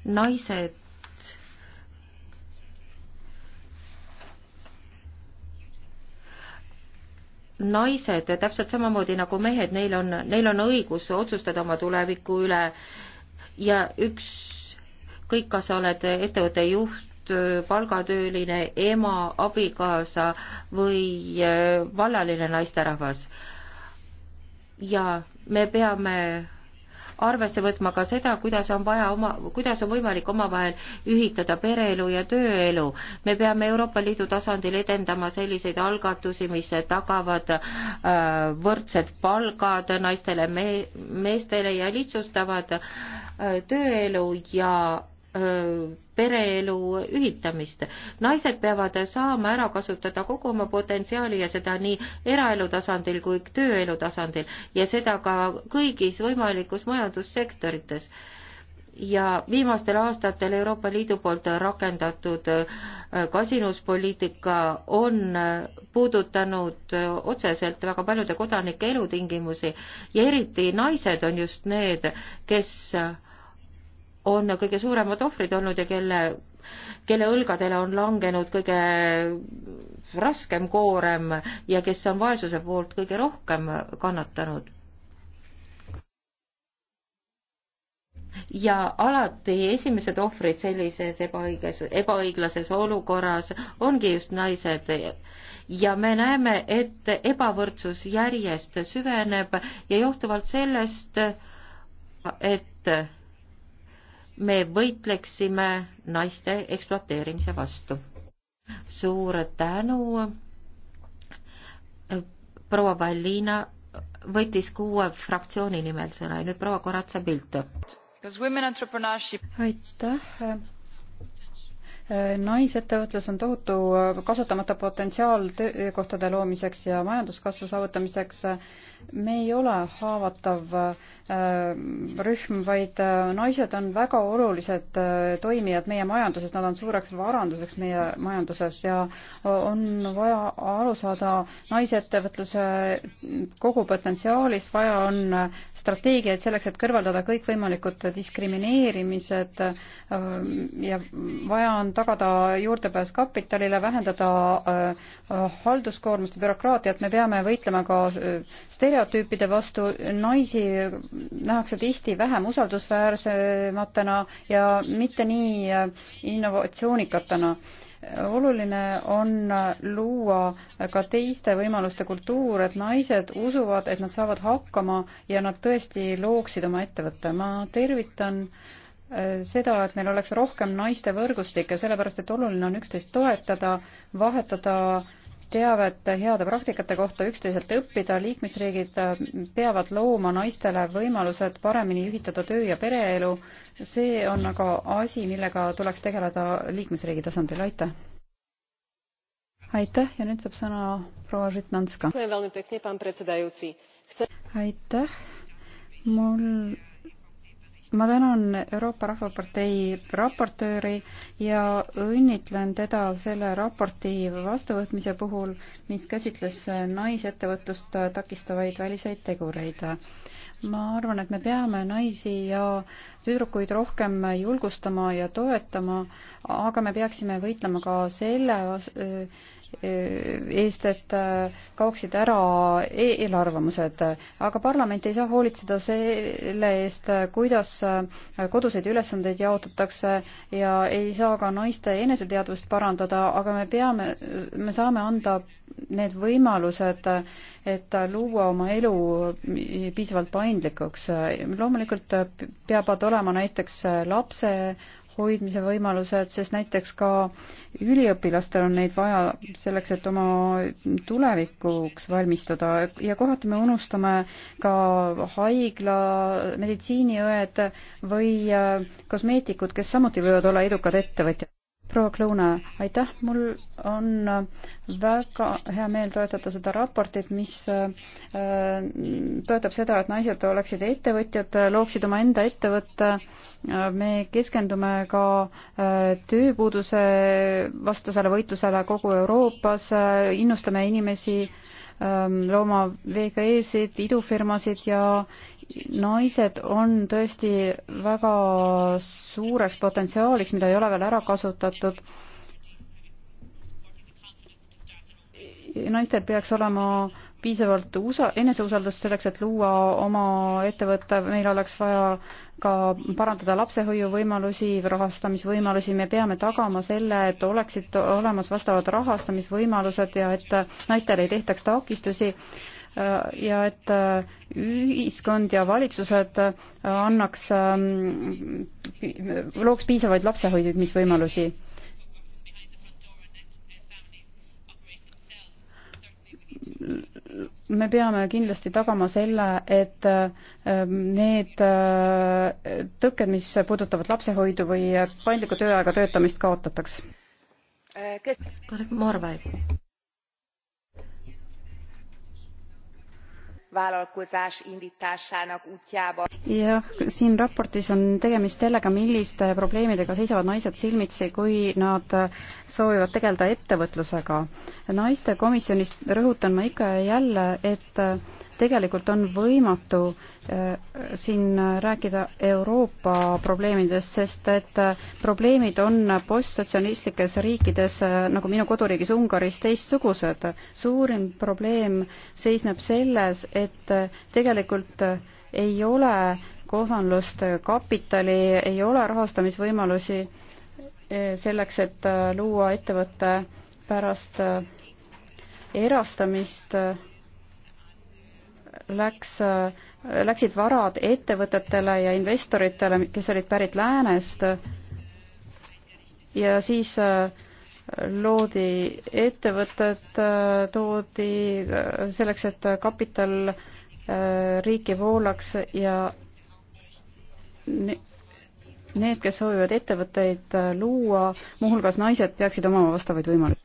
naised naised täpselt samamoodi nagu mehed, neil on, neil on õigus otsustada oma tuleviku üle ja üks ükskõik, kas sa oled ettevõtte juht, palgatööline, ema, abikaasa või äh, vallaline naisterahvas. ja me peame arvesse võtma ka seda, kuidas on vaja oma, kuidas on võimalik omavahel ühitada pereelu ja tööelu. me peame Euroopa Liidu tasandil edendama selliseid algatusi, mis tagavad äh, võrdsed palgad naistele, me-, meestele ja lihtsustavad äh, tööelu ja pereelu ühitamist. naised peavad saama ära kasutada kogu oma potentsiaali ja seda nii eraelu tasandil kui tööelu tasandil ja seda ka kõigis võimalikus majandussektorites ja viimastel aastatel Euroopa Liidu poolt rakendatud kasinuspoliitika on puudutanud otseselt väga paljude kodanike elutingimusi ja eriti naised on just need, kes on kõige suuremad ohvrid olnud ja kelle, kelle õlgadele on langenud kõige raskem koorem ja kes on vaesuse poolt kõige rohkem kannatanud. ja alati esimesed ohvrid sellises ebaõiges, ebaõiglases olukorras ongi just naised ja me näeme, et ebavõrdsus järjest süveneb ja johtuvalt sellest, et me võitleksime naiste ekspluateerimise vastu. suur tänu. proua Vallina võttis kuue fraktsiooni nimel sõna ja nüüd proua Koratsa Pilt. aitäh naisettevõtlus on tohutu kasutamata potentsiaal töökohtade loomiseks ja majanduskasvu saavutamiseks me ei ole haavatav äh, rühm, vaid äh, naised on väga olulised äh, toimijad meie majanduses, nad on suureks varanduseks meie majanduses ja on vaja aru saada naisettevõtluse kogu potentsiaalist, vaja on strateegiaid selleks, et kõrvaldada kõikvõimalikud diskrimineerimised ja vaja on tagada juurdepääs kapitalile, vähendada halduskoormust ja bürokraatiat, me peame võitlema ka stereotüüpide stereotüüpide vastu, naisi nähakse tihti vähem usaldusväärsematena ja mitte nii innovatsioonikatena oluline on luua ka teiste võimaluste kultuur, et naised usuvad, et nad saavad hakkama ja nad tõesti looksid oma ettevõtte. ma tervitan äh, seda, et meil oleks rohkem naiste võrgustikke, sellepärast et oluline on üksteist toetada, vahetada teavet heade praktikate kohta üksteiselt õppida, liikmesriigid äh, peavad looma naistele võimalused paremini ühitada töö- ja pereelu. see on aga asi, millega tuleks tegeleda liikmesriigi tasandil, aitäh! aitäh ja nüüd saab sõna proua Žitnanska. aitäh, mul ma tänan Euroopa Rahvapartei raportööri ja õnnitlen teda selle raporti vastuvõtmise puhul, mis käsitles naisettevõtlust takistavaid väliseid tegureid. ma arvan, et me peame naisi ja tüdrukuid rohkem julgustama ja toetama, aga me peaksime võitlema ka selle eest, et äh, kaoksid ära e-, eelarvamused, aga parlament ei saa hoolitseda selle eest, kuidas äh, koduseid ülesandeid jaotatakse ja ei saa ka naiste eneseteadvust parandada, aga me peame, me saame anda need võimalused, et luua oma elu piisavalt paindlikuks. loomulikult peavad olema näiteks lapse hoidmise võimalused, sest näiteks ka üliõpilastel on neid vaja selleks, et oma tulevikuks valmistuda ja kohati me unustame ka haigla meditsiiniõed või äh, kosmeetikud, kes samuti võivad olla edukad ettevõtjad proua Klõuna, aitäh, mul on äh, väga hea meel toetada seda raportit, mis äh, toetab seda, et naised oleksid ettevõtjad, looksid omaenda ettevõtte me keskendume ka äh, tööpuuduse vastasele võitlusele kogu Euroopas, äh, innustame inimesi ähm, looma VKE-sid, idufirmasid ja naised on tõesti väga suureks potentsiaaliks, mida ei ole veel ära kasutatud. naistel peaks olema äh, piisavalt usa-, eneseusaldust selleks, et luua oma ettevõte, meil oleks vaja ka parandada lapsehoiuvõimalusi, rahastamisvõimalusi, me peame tagama selle, et oleksid olemas vastavad rahastamisvõimalused ja et naistel ei tehtaks takistusi äh, ja et äh, ühiskond ja valitsused äh, annaks, ähm, looks piisavaid lapsehoidmisvõimalusi me peame kindlasti tagama selle, et ähm, need äh, tõkked, mis puudutavad lapsehoidu või paindliku tööajaga töötamist, kaotataks. kolleeg Marve vállalkozás indtásának útjába. jah siin raportis on tegemist sellega milliste probleemidega seisavad naised silmitsi kui nad soovivad tegeleda ettevõtlusega naiste komisjonis rõhutan ma ikka ja jälle et tegelikult on võimatu äh, siin rääkida Euroopa probleemidest, sest et äh, probleemid on postsotsialistlikes riikides, äh, nagu minu koduriigis Ungaris, teistsugused. suurim probleem seisneb selles, et tegelikult ei ole kohanlust kapitali, ei ole rahastamisvõimalusi selleks, et luua ettevõte pärast erastamist läks, läksid varad ettevõtetele ja investoritele, kes olid pärit läänest ja siis äh, loodi ettevõtted, äh, toodi äh, selleks, et kapital riiki voolaks ja need, kes soovivad ettevõtteid luua, muuhulgas naised, peaksid omama vastavaid võimalusi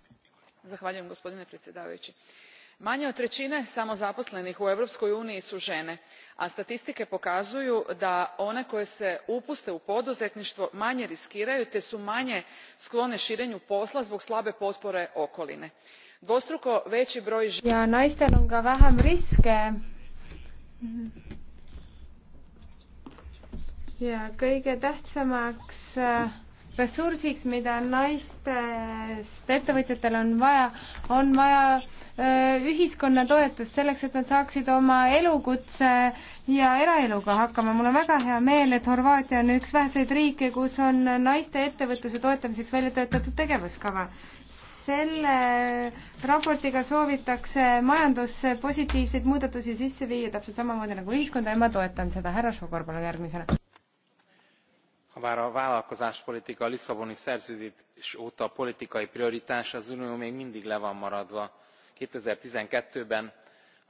manje od treine samozaposlenih u europskoj uniji su ene a statistike pokazuju da one koje se upuste u poduzetnitvo manje riskiraju te su manje sklone irenju posla zbog slabe potpore okoline. dvostruko vei broj ja naistel on ka vähem riske ja kõige tähtsamaks ressursiks mida naistest ettevõtjatel on vaja on vaja Äh, ühiskonna toetust selleks, et nad saaksid oma elukutse ja eraeluga hakkama. mul on väga hea meel, et Horvaatia on üks väheseid riike, kus on naiste ettevõtluse toetamiseks välja töötatud tegevuskava. selle raportiga soovitakse majandusse positiivseid muudatusi sisse viia, täpselt samamoodi nagu ühiskonda ja ma toetan seda. härra Šokor, palun järgmisena. habár a vállalkozáspolitika a lisszaboni szerződés óta politikai prioritás az unió még mindig le van maradva two thousand and twelve ben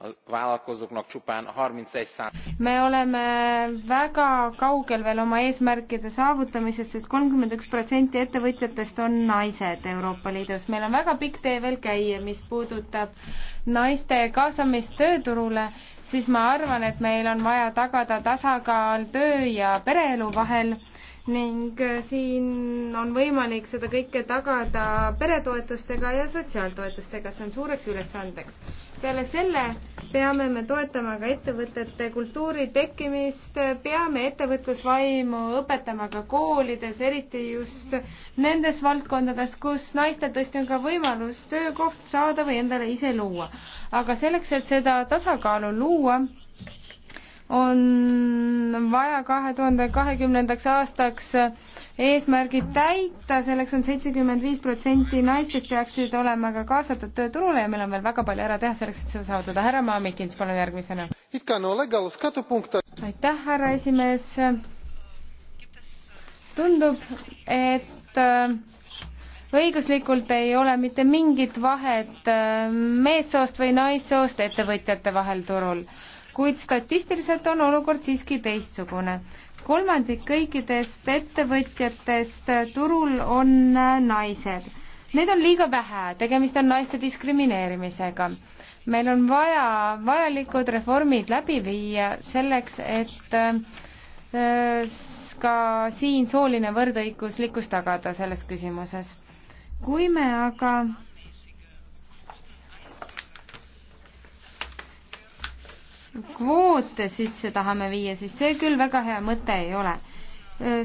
a vállalkozóknak csupán thirty one me oleme väga kaugel veel oma eesmärkide saavutamisest sest kolmkümmend üks protsenti ettevõtjatest on naised euroopa liidus meil on väga pikk tee veel käia mis puudutab naiste kaasamist tööturule siis ma arvan et meil on vaja tagada tasakaal töö ja pereelu vahel ning äh, siin on võimalik seda kõike tagada peretoetustega ja sotsiaaltoetustega, see on suureks ülesandeks. peale selle peame me toetama ka ettevõtete kultuuri tekkimist, peame ettevõtlusvaimu õpetama ka koolides, eriti just nendes valdkondades, kus naistel tõesti on ka võimalus töökoht saada või endale ise luua. aga selleks, et seda tasakaalu luua, on vaja kahe tuhande kahekümnendaks aastaks eesmärgid täita, selleks on seitsekümmend viis protsenti naistest peaksid olema ka kaasatud tööturule ja meil on veel väga palju ära teha selleks, et seda saavutada. härra Maamikins, palun järgmisena. aitäh, härra esimees. tundub, et äh, õiguslikult ei ole mitte mingit vahet äh, meessoost või naissoost ettevõtjate vahel turul kuid statistiliselt on olukord siiski teistsugune. kolmandik kõikidest ettevõtjatest turul on naised. Neid on liiga vähe, tegemist on naiste diskrimineerimisega. meil on vaja vajalikud reformid läbi viia selleks, et äh, ka siin sooline võrdõiguslikkus tagada selles küsimuses. kui me aga kvoote sisse tahame viia, siis see küll väga hea mõte ei ole.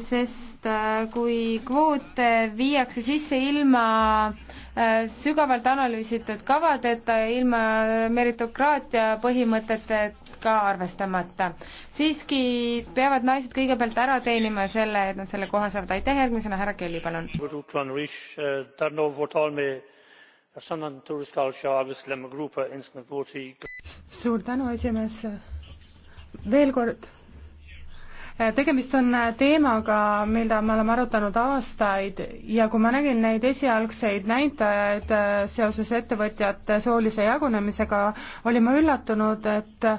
sest kui kvoote viiakse sisse ilma sügavalt analüüsitud kavadeta, ilma meritokraatia põhimõtetega arvestamata, siiski peavad naised kõigepealt ära teenima selle, et nad selle koha saavad. aitäh, järgmisena härra Kelly, palun suur tänu, esimees. veel kord tegemist on teemaga, mida me oleme arutanud aastaid ja kui ma nägin neid esialgseid näitajaid äh, seoses ettevõtjate soolise jagunemisega, olin ma üllatunud, et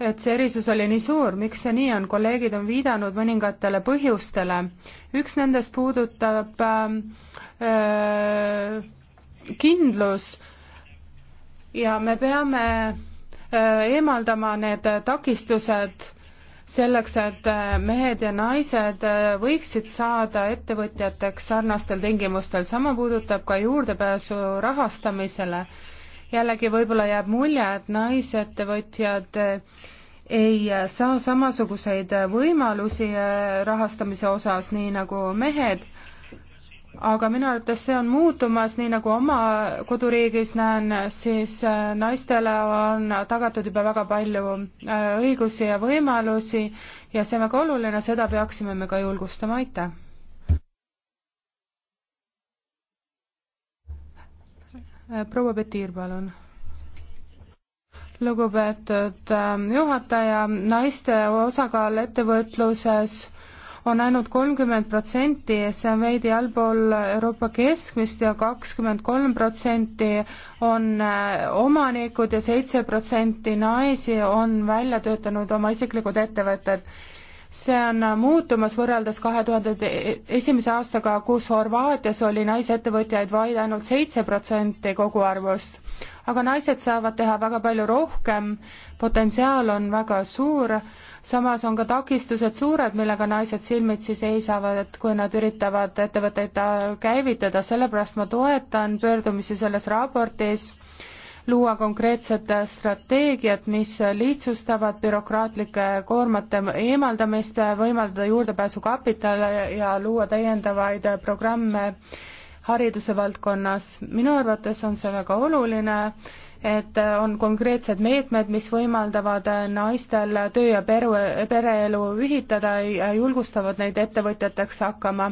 et see erisus oli nii suur, miks see nii on, kolleegid on viidanud mõningatele põhjustele. üks nendest puudutab öö, äh, äh, kindlus ja me peame äh, eemaldama need takistused selleks, et äh, mehed ja naised äh, võiksid saada ettevõtjateks sarnastel tingimustel. sama puudutab ka juurdepääsu rahastamisele. jällegi võib-olla jääb mulje, et naisettevõtjad ei saa samasuguseid võimalusi rahastamise osas, nii nagu mehed aga minu arvates see on muutumas, nii nagu oma koduriigis näen, siis äh, naistele on tagatud juba väga palju äh, õigusi ja võimalusi ja see on väga oluline, seda peaksime me ka julgustama, aitäh. Äh, proua Petir, palun lugupeetud juhataja, naiste osakaal ettevõtluses on ainult kolmkümmend protsenti, see on veidi allpool Euroopa keskmist ja kakskümmend kolm protsenti on äh, omanikud ja seitse protsenti naisi on välja töötanud oma isiklikud ettevõtted. see on äh, muutumas võrreldes kahe tuhande e-, esimese aastaga, kus Horvaatias oli naisettevõtjaid vaid ainult seitse protsenti koguarvust. aga naised saavad teha väga palju rohkem, potentsiaal on väga suur samas on ka takistused suured, millega naised silmitsi seisavad, kui nad üritavad ettevõtteid käivitada, sellepärast ma toetan pöördumisi selles raportis luua konkreetsed strateegiad, mis lihtsustavad bürokraatlike koormate eemaldamist, võimaldada juurdepääsu kapitale ja luua täiendavaid programme hariduse valdkonnas. minu arvates on see väga oluline, et on konkreetsed meetmed, mis võimaldavad naistel töö ja peru, pereelu ühitada ja julgustavad neid ettevõtjateks hakkama,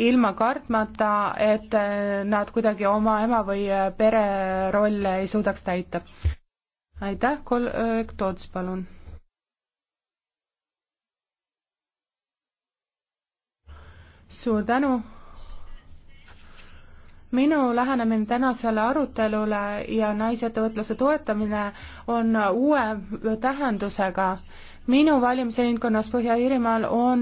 ilma kartmata, et nad kuidagi oma ema või pere rolle ei suudaks täita. aitäh, kolleeg Toots, palun. suur tänu minu lähenemine tänasele arutelule ja naisettevõtluse toetamine on uue tähendusega. minu valimisringkonnas Põhja-Iirimaal on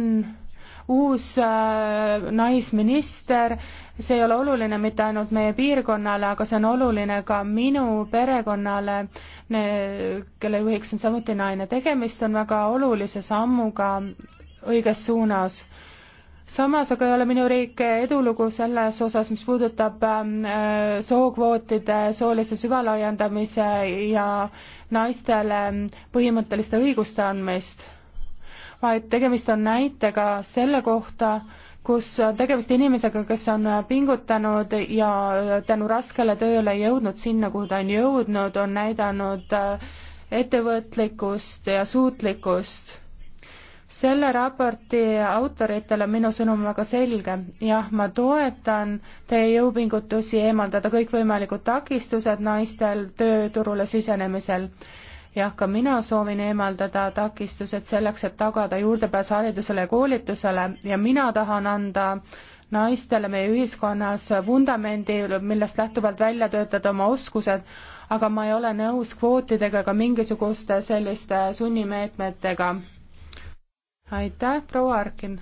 uus äh, naisminister, see ei ole oluline mitte ainult meie piirkonnale, aga see on oluline ka minu perekonnale, kelle juhiks on samuti naine. tegemist on väga olulise sammuga õiges suunas samas aga ei ole minu riik edulugu selles osas, mis puudutab ähm, äh, sookvootide soolise süvalaiendamise ja naistele põhimõtteliste õiguste andmist, vaid tegemist on näitega selle kohta, kus on tegemist inimesega, kes on pingutanud ja tänu raskele tööle jõudnud sinna, kuhu ta on jõudnud, on näidanud äh, ettevõtlikkust ja suutlikkust selle raporti autoritele minu sõnum väga selge. jah, ma toetan teie jõupingutusi eemaldada kõikvõimalikud takistused naistel tööturule sisenemisel. jah, ka mina soovin eemaldada takistused selleks, et tagada juurdepääs haridusele ja koolitusele ja mina tahan anda naistele meie ühiskonnas vundamendi, millest lähtuvalt välja töötada oma oskused, aga ma ei ole nõus kvootidega ega mingisuguste selliste sunnimeetmetega aitäh, proua Arkin!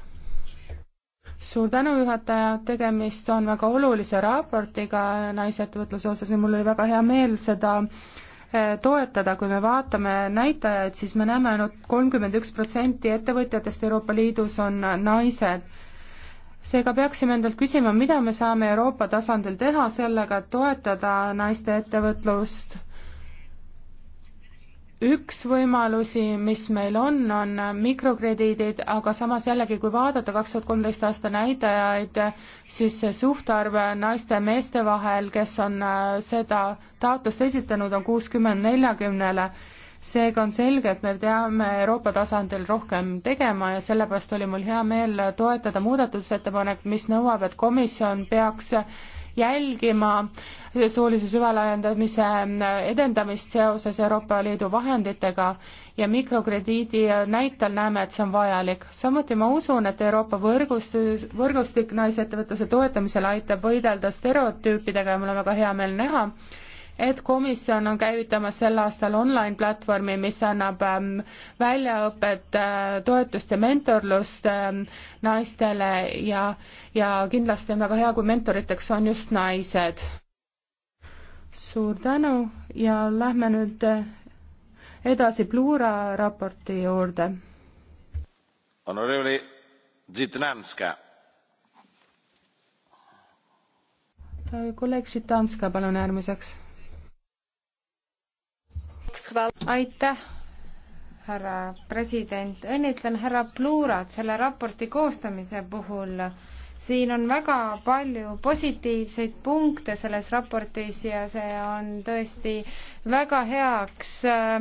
suur tänu, juhataja, tegemist on väga olulise raportiga naisettevõtluse osas ja mul oli väga hea meel seda eh, toetada, kui me vaatame näitajaid, siis me näeme ainult kolmkümmend üks protsenti ettevõtjatest Euroopa Liidus on naised. seega peaksime endalt küsima, mida me saame Euroopa tasandil teha sellega, et toetada naiste ettevõtlust üks võimalusi, mis meil on, on mikrokrediidid, aga samas jällegi, kui vaadata kaks tuhat kolmteist aasta näitajaid, siis see suhtarv naiste ja meeste vahel, kes on äh, seda taotlust esitanud, on kuuskümmend neljakümnele. seega on selge, et me peame Euroopa tasandil rohkem tegema ja sellepärast oli mul hea meel toetada muudatusettepanekut, mis nõuab, et komisjon peaks jälgima soolise süvalaiendamise edendamist seoses Euroopa Liidu vahenditega ja mikrokrediidi näitel näeme, et see on vajalik. samuti ma usun, et Euroopa võrgustus, võrgustik naisettevõtluse toetamisel aitab võidelda stereotüüpidega ja mul on väga hea meel näha, et komisjon on käivitamas sel aastal online platvormi, mis annab ähm, väljaõpet, äh, toetust ja mentorlust ähm, naistele ja, ja kindlasti on väga hea, kui mentoriteks on just naised. suur tänu ja lähme nüüd äh, edasi Plura raporti juurde. Honorevoli Zitnanska. kolleeg Zitanska, palun järgmiseks aitäh, härra president, õnnitlen härra Pluurat selle raporti koostamise puhul. siin on väga palju positiivseid punkte selles raportis ja see on tõesti väga heaks äh,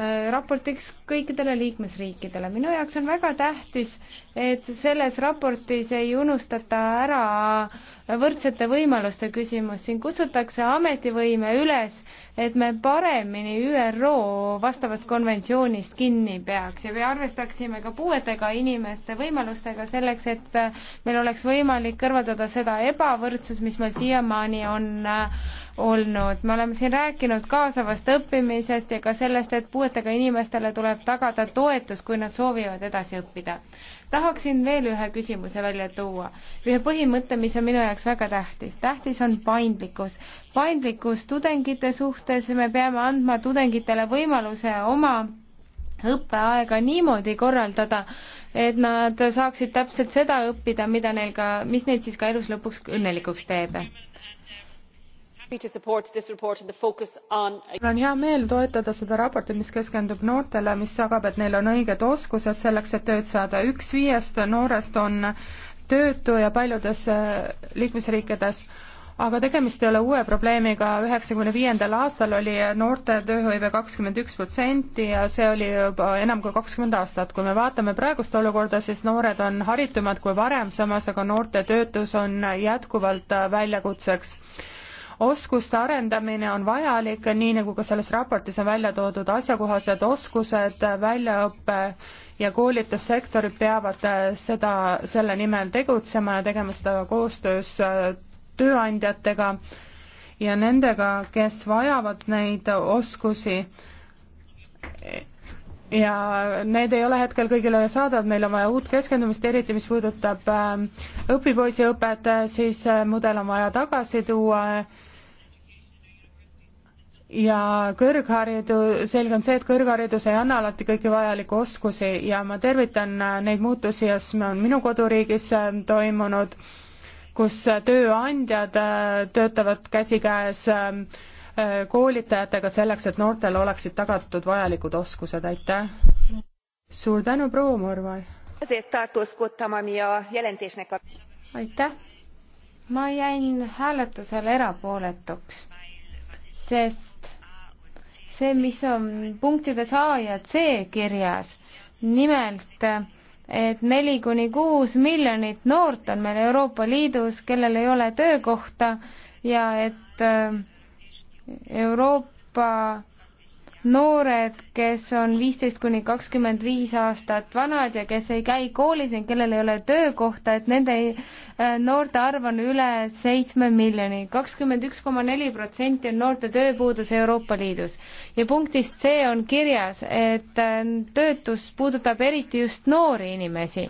Äh, raportiks kõikidele liikmesriikidele. minu jaoks on väga tähtis, et selles raportis ei unustata ära võrdsete võimaluste küsimus, siin kutsutakse ametivõime üles, et me paremini ÜRO vastavast konventsioonist kinni peaks ja me arvestaksime ka puuetega inimeste võimalustega selleks, et äh, meil oleks võimalik kõrvaldada seda ebavõrdsus, mis meil siiamaani on äh, olnud. me oleme siin rääkinud kaasavast õppimisest ja ka sellest, et puuetega inimestele tuleb tagada toetus, kui nad soovivad edasi õppida. tahaksin veel ühe küsimuse välja tuua, ühe põhimõtte, mis on minu jaoks väga tähtis. tähtis on paindlikkus. paindlikkus tudengite suhtes, me peame andma tudengitele võimaluse oma õppeaega niimoodi korraldada, et nad saaksid täpselt seda õppida, mida neil ka, mis neid siis ka elus lõpuks õnnelikuks teeb mul on hea meel toetada seda raportit mis keskendub noortele mis tagab et neil on õiged oskused selleks et tööd saada üks viiest noorest on töötu ja paljudes äh, liikmesriikides aga tegemist ei ole uue probleemiga üheksakümne viiendal aastal oli noorte tööhõive kakskümmend üks protsenti ja see oli juba enam kui kakskümmend aastat kui me vaatame praegust olukorda siis noored on haritumad kui varem samas aga noorte töötus on jätkuvalt väljakutseks oskuste arendamine on vajalik, nii nagu ka selles raportis on välja toodud, asjakohased oskused, väljaõpe ja koolitussektorid peavad äh, seda, selle nimel tegutsema ja tegema seda koostöös äh, tööandjatega ja nendega, kes vajavad neid oskusi ja need ei ole hetkel kõigile saadaval, meil on vaja uut keskendumist, eriti mis puudutab äh, õpipoisiõpet, siis mudel on vaja tagasi tuua ja kõrgharidu-, selge on see, et kõrgharidus ei anna alati kõiki vajalikke oskusi ja ma tervitan äh, neid muutusi, mis on minu koduriigis äh, toimunud, kus äh, tööandjad töötavad käsikäes koolitajatega selleks, et noortel oleksid tagatud vajalikud oskused, aitäh! suur tänu, proua Morvai! aitäh! ma jäin hääletusel erapooletuks, sest see, mis on punktides A ja C kirjas, nimelt et neli kuni kuus miljonit noort on meil Euroopa Liidus, kellel ei ole töökohta ja et äh, Euroopa noored, kes on viisteist kuni kakskümmend viis aastat vanad ja kes ei käi koolis ning kellel ei ole töökohta, et nende äh, noorte arv on üle seitsme miljoni. kakskümmend üks koma neli protsenti on noorte tööpuudus Euroopa Liidus. ja punktis C on kirjas, et äh, töötus puudutab eriti just noori inimesi.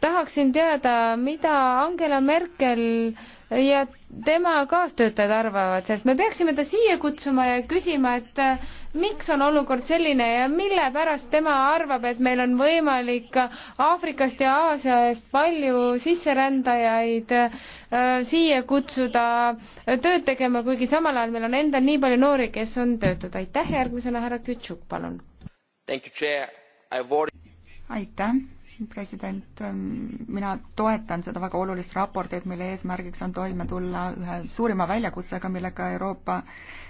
tahaksin teada, mida Angela Merkel äh, ja tema kaastöötajad arvavad sellest. me peaksime ta siia kutsuma ja küsima, et äh, miks on olukord selline ja mille pärast tema arvab, et meil on võimalik Aafrikast ja Aasiast palju sisserändajaid äh, siia kutsuda äh, tööd tegema, kuigi samal ajal meil on endal nii palju noori, kes on töötud. aitäh, järgmisena härra Kütšuk, palun. aitäh president, ähm, mina toetan seda väga olulist raportit, mille eesmärgiks on toime tulla ühe suurima väljakutsega, millega Euroopa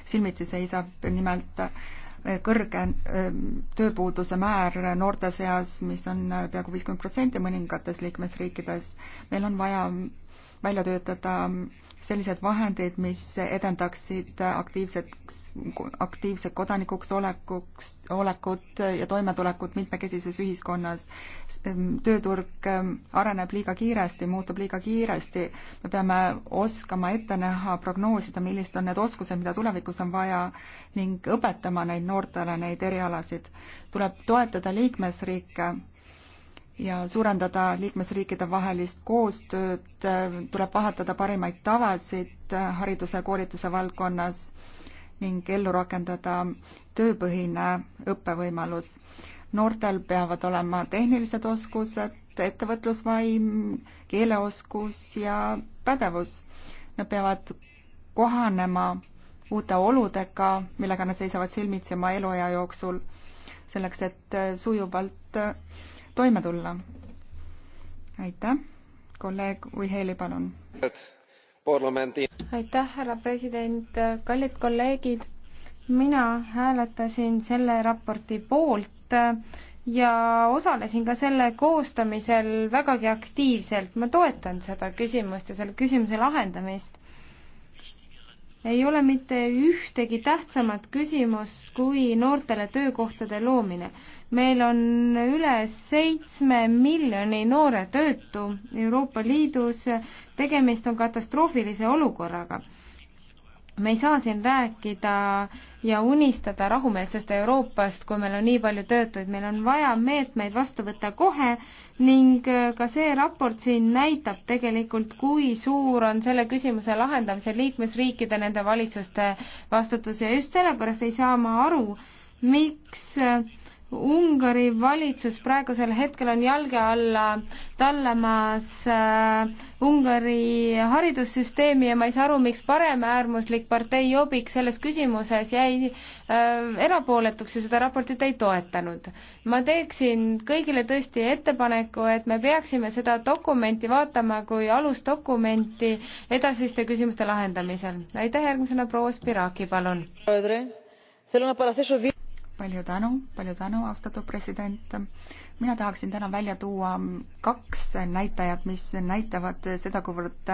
silmitsi seisab, nimelt äh, kõrge ähm, tööpuuduse määr noorte seas, mis on äh, peaaegu viiskümmend protsenti mõningates liikmesriikides. meil on vaja välja töötada sellised vahendid, mis edendaksid aktiivseks, aktiivse kodanikuks olekuks, olekut ja toimetulekut mitmekesises ühiskonnas. tööturg ähm, areneb liiga kiiresti, muutub liiga kiiresti. me peame oskama ette näha, prognoosida, millised on need oskused, mida tulevikus on vaja ning õpetama neid noortele neid erialasid. tuleb toetada liikmesriike ja suurendada liikmesriikide vahelist koostööd, tuleb vahetada parimaid tavasid hariduse ja koolituse valdkonnas ning ellu rakendada tööpõhine õppevõimalus. noortel peavad olema tehnilised oskused, ettevõtlusvaim, keeleoskus ja pädevus. Nad peavad kohanema uute oludega, millega nad seisavad silmitsi oma eluea jooksul, selleks et sujuvalt toime tulla. aitäh, kolleeg Viheli, palun. aitäh, härra president, kallid kolleegid. mina hääletasin selle raporti poolt äh, ja osalesin ka selle koostamisel vägagi aktiivselt. ma toetan seda küsimust ja selle küsimuse lahendamist ei ole mitte ühtegi tähtsamat küsimust kui noortele töökohtade loomine. meil on üle seitsme miljoni noore töötu Euroopa Liidus, tegemist on katastroofilise olukorraga me ei saa siin rääkida ja unistada rahumeelsest Euroopast, kui meil on nii palju töötuid, meil on vaja meetmeid vastu võtta kohe ning äh, ka see raport siin näitab tegelikult, kui suur on selle küsimuse lahendamisel liikmesriikide, nende valitsuste vastutus ja just sellepärast ei saa ma aru, miks äh, Ungari valitsus praegusel hetkel on jalge alla tallamas äh, Ungari haridussüsteemi ja ma ei saa aru, miks paremäärmuslik partei Jobbik selles küsimuses jäi äh, erapooletuks ja seda raportit ei toetanud. ma teeksin kõigile tõesti ettepaneku, et me peaksime seda dokumenti vaatama kui alusdokumenti edasiste küsimuste lahendamisel. aitäh, järgmisena proua Spiraki, palun! palju tänu, palju tänu, austatud president. mina tahaksin täna välja tuua kaks näitajat, mis näitavad seda, kuivõrd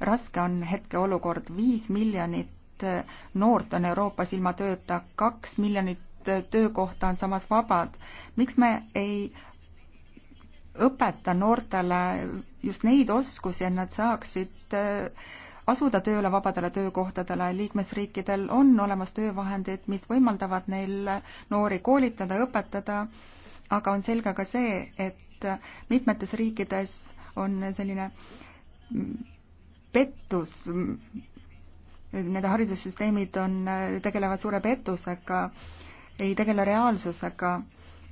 raske on hetkeolukord. viis miljonit noort on Euroopas ilma tööta, kaks miljonit töökohta on samas vabad. miks me ei õpeta noortele just neid oskusi, et nad saaksid asuda tööle vabadele töökohtadele. liikmesriikidel on olemas töövahendid, mis võimaldavad neil noori koolitada, õpetada, aga on selge ka see, et mitmetes riikides on selline pettus, nende haridussüsteemid on, tegelevad suure pettusega, ei tegele reaalsusega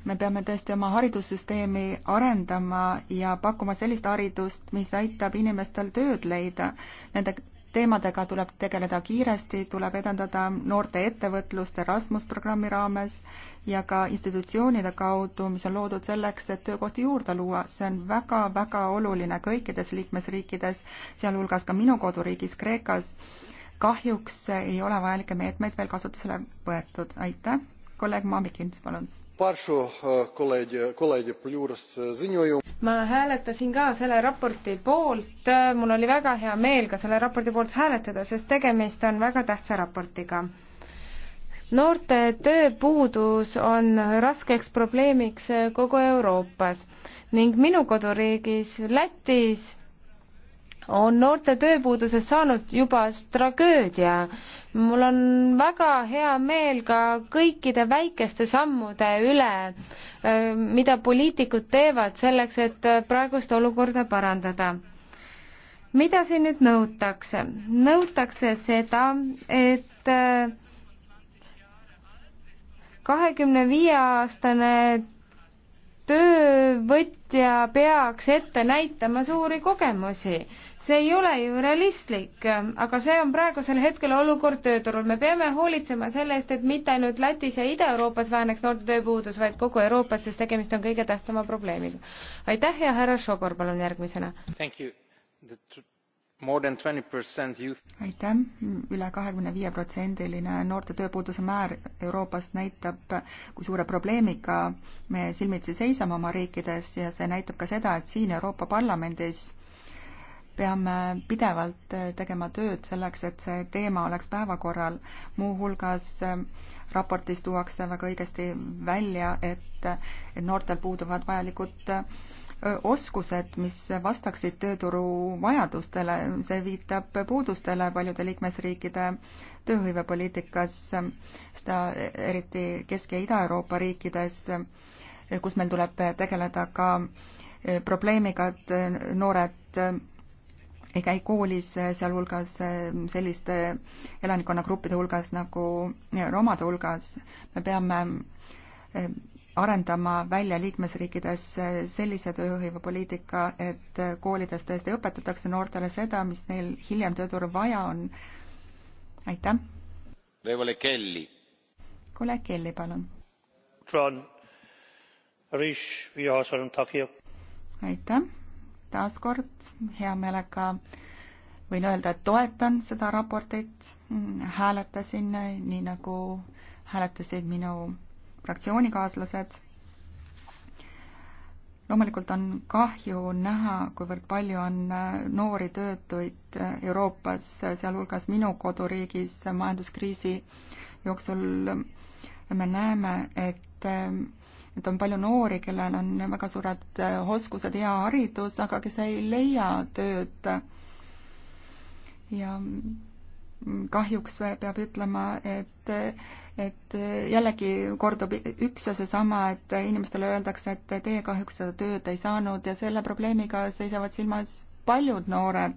me peame tõesti oma haridussüsteemi arendama ja pakkuma sellist haridust, mis aitab inimestel tööd leida. Nende teemadega tuleb tegeleda kiiresti, tuleb edendada noorte ettevõtlust Erasmus programmi raames ja ka institutsioonide kaudu, mis on loodud selleks, et töökohti juurde luua. see on väga-väga oluline kõikides liikmesriikides, sealhulgas ka minu koduriigis Kreekas. kahjuks ei ole vajalikke meetmeid veel kasutusele võetud. aitäh, kolleeg Maami Kints, palun Äh, äh, ma hääletasin ka selle raporti poolt, mul oli väga hea meel ka selle raporti poolt hääletada, sest tegemist on väga tähtsa raportiga. noorte tööpuudus on raskeks probleemiks kogu Euroopas ning minu koduriigis Lätis on noorte tööpuudusest saanud juba tragöödia. mul on väga hea meel ka kõikide väikeste sammude üle, mida poliitikud teevad selleks, et praegust olukorda parandada. mida siin nüüd nõutakse? nõutakse seda, et kahekümne viie aastane töövõtja peaks ette näitama suuri kogemusi see ei ole ju realistlik, aga see on praegusel hetkel olukord tööturul. me peame hoolitsema selle eest, et mitte ainult Lätis ja Ida-Euroopas väheneks noorte tööpuudus, vaid kogu Euroopas, sest tegemist on kõige tähtsama probleemiga. aitäh ja härra Šogor, palun järgmisena. aitäh, üle kahekümne viie protsendiline noorte tööpuuduse määr Euroopas näitab, kui suure probleemiga me silmitsi seisame oma riikides ja see näitab ka seda, et siin Euroopa Parlamendis peame pidevalt äh, tegema tööd selleks, et see teema oleks päevakorral. muuhulgas äh, raportis tuuakse väga õigesti välja, et, äh, et noortel puuduvad vajalikud oskused, mis vastaksid tööturu vajadustele, see viitab puudustele paljude liikmesriikide tööhõivepoliitikas, seda eriti Kesk- ja Ida-Euroopa riikides, kus meil tuleb tegeleda ka probleemiga, et noored ei käi koolis, eh, sealhulgas eh, selliste elanikkonnagruppide hulgas nagu eh, romade hulgas. me peame arendama välja liikmesriikides sellise tööhõivepoliitika, et koolides tõesti õpetatakse noortele seda, mis neil hiljem tööturul vaja on. aitäh. Revole Kelly. kolleeg Kelly, palun. aitäh taaskord hea meelega võin öelda, et toetan seda raportit, hääletasin nii, nagu hääletasid minu fraktsioonikaaslased. loomulikult on kahju näha, kuivõrd palju on noori töötuid Euroopas, sealhulgas minu koduriigis majanduskriisi jooksul me näeme, et et on palju noori, kellel on väga suured äh, oskused, hea haridus, aga kes ei leia tööd. ja mm, kahjuks peab ütlema, et, et jällegi kordub üks ja seesama, et inimestele öeldakse, et teie kahjuks seda tööd ei saanud ja selle probleemiga seisavad silmas paljud noored.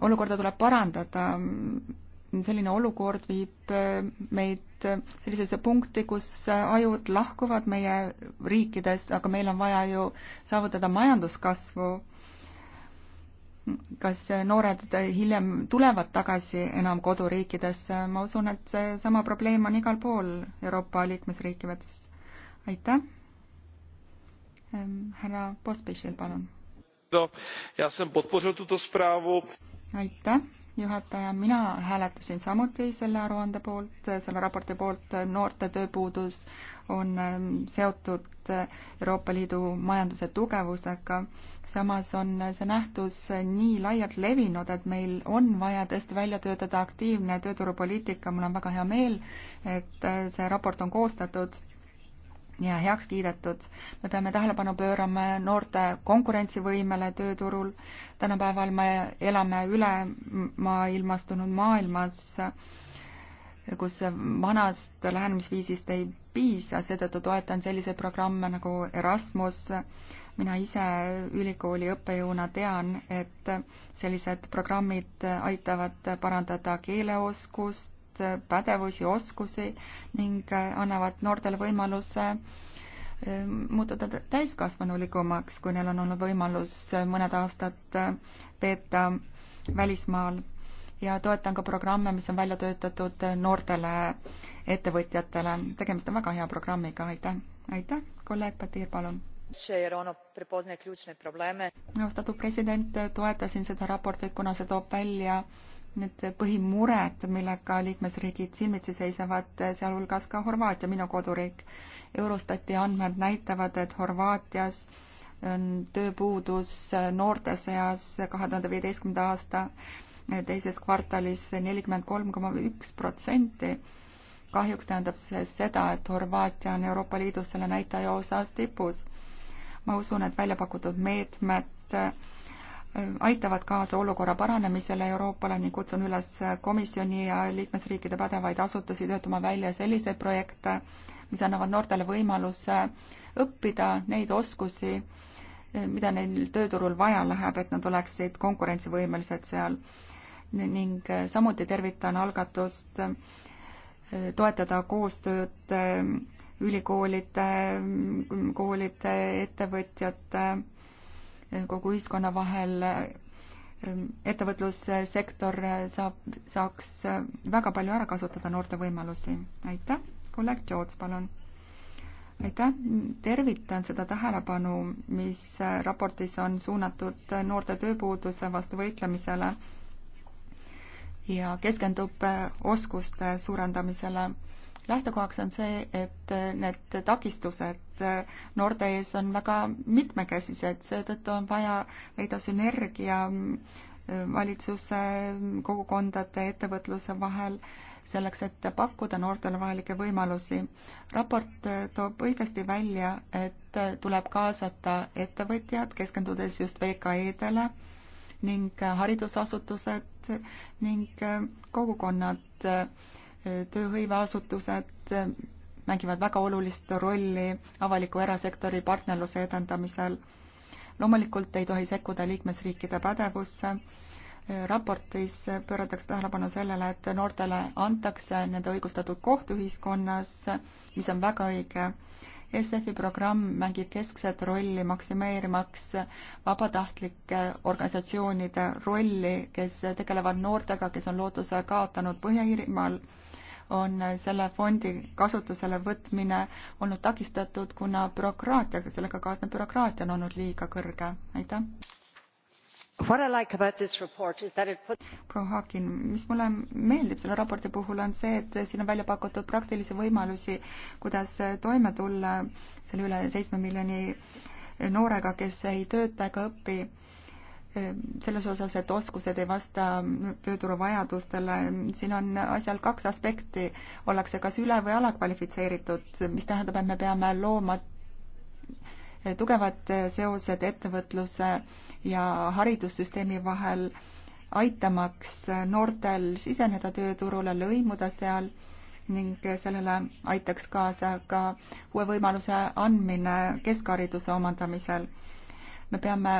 olukorda tuleb parandada. Mm, selline olukord viib äh, meid jõudnud sellisesse punkti, kus ajud lahkuvad meie riikidest, aga meil on vaja ju saavutada majanduskasvu. kas noored hiljem tulevad tagasi enam koduriikidesse? ma usun, et seesama probleem on igal pool Euroopa liikmesriikides. aitäh. härra Pospišil, palun. aitäh juhataja, mina hääletasin samuti selle aruande poolt, selle raporti poolt, noorte tööpuudus on ähm, seotud äh, Euroopa Liidu majanduse tugevusega. samas on äh, see nähtus äh, nii laialt levinud, et meil on vaja tõesti välja töötada aktiivne tööturupoliitika, mul on väga hea meel, et see raport on koostatud ja heaks kiidetud. me peame tähelepanu pöörama noorte konkurentsivõimele tööturul. tänapäeval me elame ülemaailmastunud maailmas, kus vanast lähenemisviisist ei piisa, seetõttu toetan selliseid programme nagu Erasmus. mina ise ülikooli õppejõuna tean, et sellised programmid aitavad parandada keeleoskust, Äh, pädevusi, oskusi ning äh, annavad noortele võimaluse äh, muutuda täiskasvanulikumaks, kui neil on olnud võimalus mõned aastad veeta välismaal ja toetan ka programme, mis on välja töötatud noortele ettevõtjatele. tegemist on väga hea programmiga, aitäh. aitäh, kolleeg Petir, palun. austatud president, toetasin seda raportit, kuna see toob välja need põhimured, millega liikmesriigid silmitsi seisavad, sealhulgas ka Horvaatia, minu koduriik. Eurostati andmed näitavad, et Horvaatias on tööpuudus noorte seas kahe tuhande viieteistkümnenda aasta teises kvartalis nelikümmend kolm koma üks protsenti. kahjuks tähendab see seda, et Horvaatia on Euroopa Liidus selle näitaja osas tipus. ma usun, et välja pakutud meetmed meet, aitavad kaasa olukorra paranemisele Euroopale ning kutsun üles komisjoni ja liikmesriikide pädevaid asutusi töötama välja selliseid projekte, mis annavad noortele võimaluse õppida neid oskusi, mida neil tööturul vaja läheb, et nad oleksid konkurentsivõimelised seal. ning samuti tervitan algatust eh, toetada koostööd eh, ülikoolide, koolide, ettevõtjate kogu ühiskonna vahel. Ehm, ettevõtlussektor saab, saaks ehm, väga palju ära kasutada noorte võimalusi. aitäh, kolleeg George, palun. aitäh, tervitan seda tähelepanu, mis ehm, raportis on suunatud noorte tööpuuduse vastu võitlemisele ja keskendub oskuste suurendamisele lähtekohaks on see, et need takistused noorte ees on väga mitmekesised, seetõttu on vaja leida sünergia valitsuse, kogukondade, ettevõtluse vahel selleks, et pakkuda noortele vajalikke võimalusi. raport toob õigesti välja, et tuleb kaasata ettevõtjad, keskendudes just VKE-dele ning haridusasutused ning kogukonnad tööhõiveasutused eh, mängivad väga olulist rolli avaliku erasektori partnerluse edendamisel. loomulikult ei tohi sekkuda liikmesriikide pädevusse. Eh, raportis pööratakse tähelepanu sellele, et noortele antakse nende õigustatud koht ühiskonnas, mis on väga õige. ESF-i programm mängib keskset rolli maksimeerimaks vabatahtlike organisatsioonide rolli, kes tegelevad noortega, kes on lootuse kaotanud Põhja-Iirimaal on selle fondi kasutusele võtmine olnud takistatud, kuna bürokraatia, sellega kaasnev bürokraatia on olnud liiga kõrge, aitäh. proua Haakin, mis mulle meeldib selle raporti puhul, on see, et siin on välja pakutud praktilisi võimalusi, kuidas toime tulla selle üle seitsme miljoni noorega, kes ei tööta ega õpi selles osas, et oskused ei vasta tööturu vajadustele, siin on asjal kaks aspekti, ollakse kas üle- või alakvalifitseeritud, mis tähendab, et me peame looma tugevad seosed ettevõtluse ja haridussüsteemi vahel, aitamaks noortel siseneda tööturule, lõimuda seal ning sellele aitaks kaasa ka uue võimaluse andmine keskhariduse omandamisel. me peame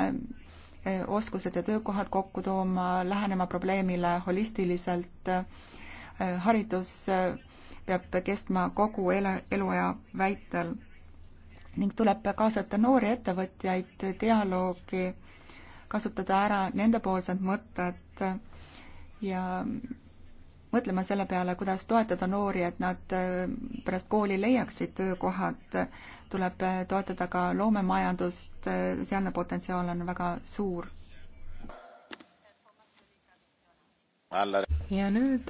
oskused ja töökohad kokku tooma, lähenema probleemile holistiliselt. haridus peab kestma kogu eluea väitel ning tuleb kaasata noori ettevõtjaid dialoogi, kasutada ära nendepoolsed mõtted ja mõtlema selle peale, kuidas toetada noori, et nad äh, pärast kooli leiaksid töökohad, tuleb äh, toetada ka loomemajandust, äh, sealne potentsiaal on väga suur. ja nüüd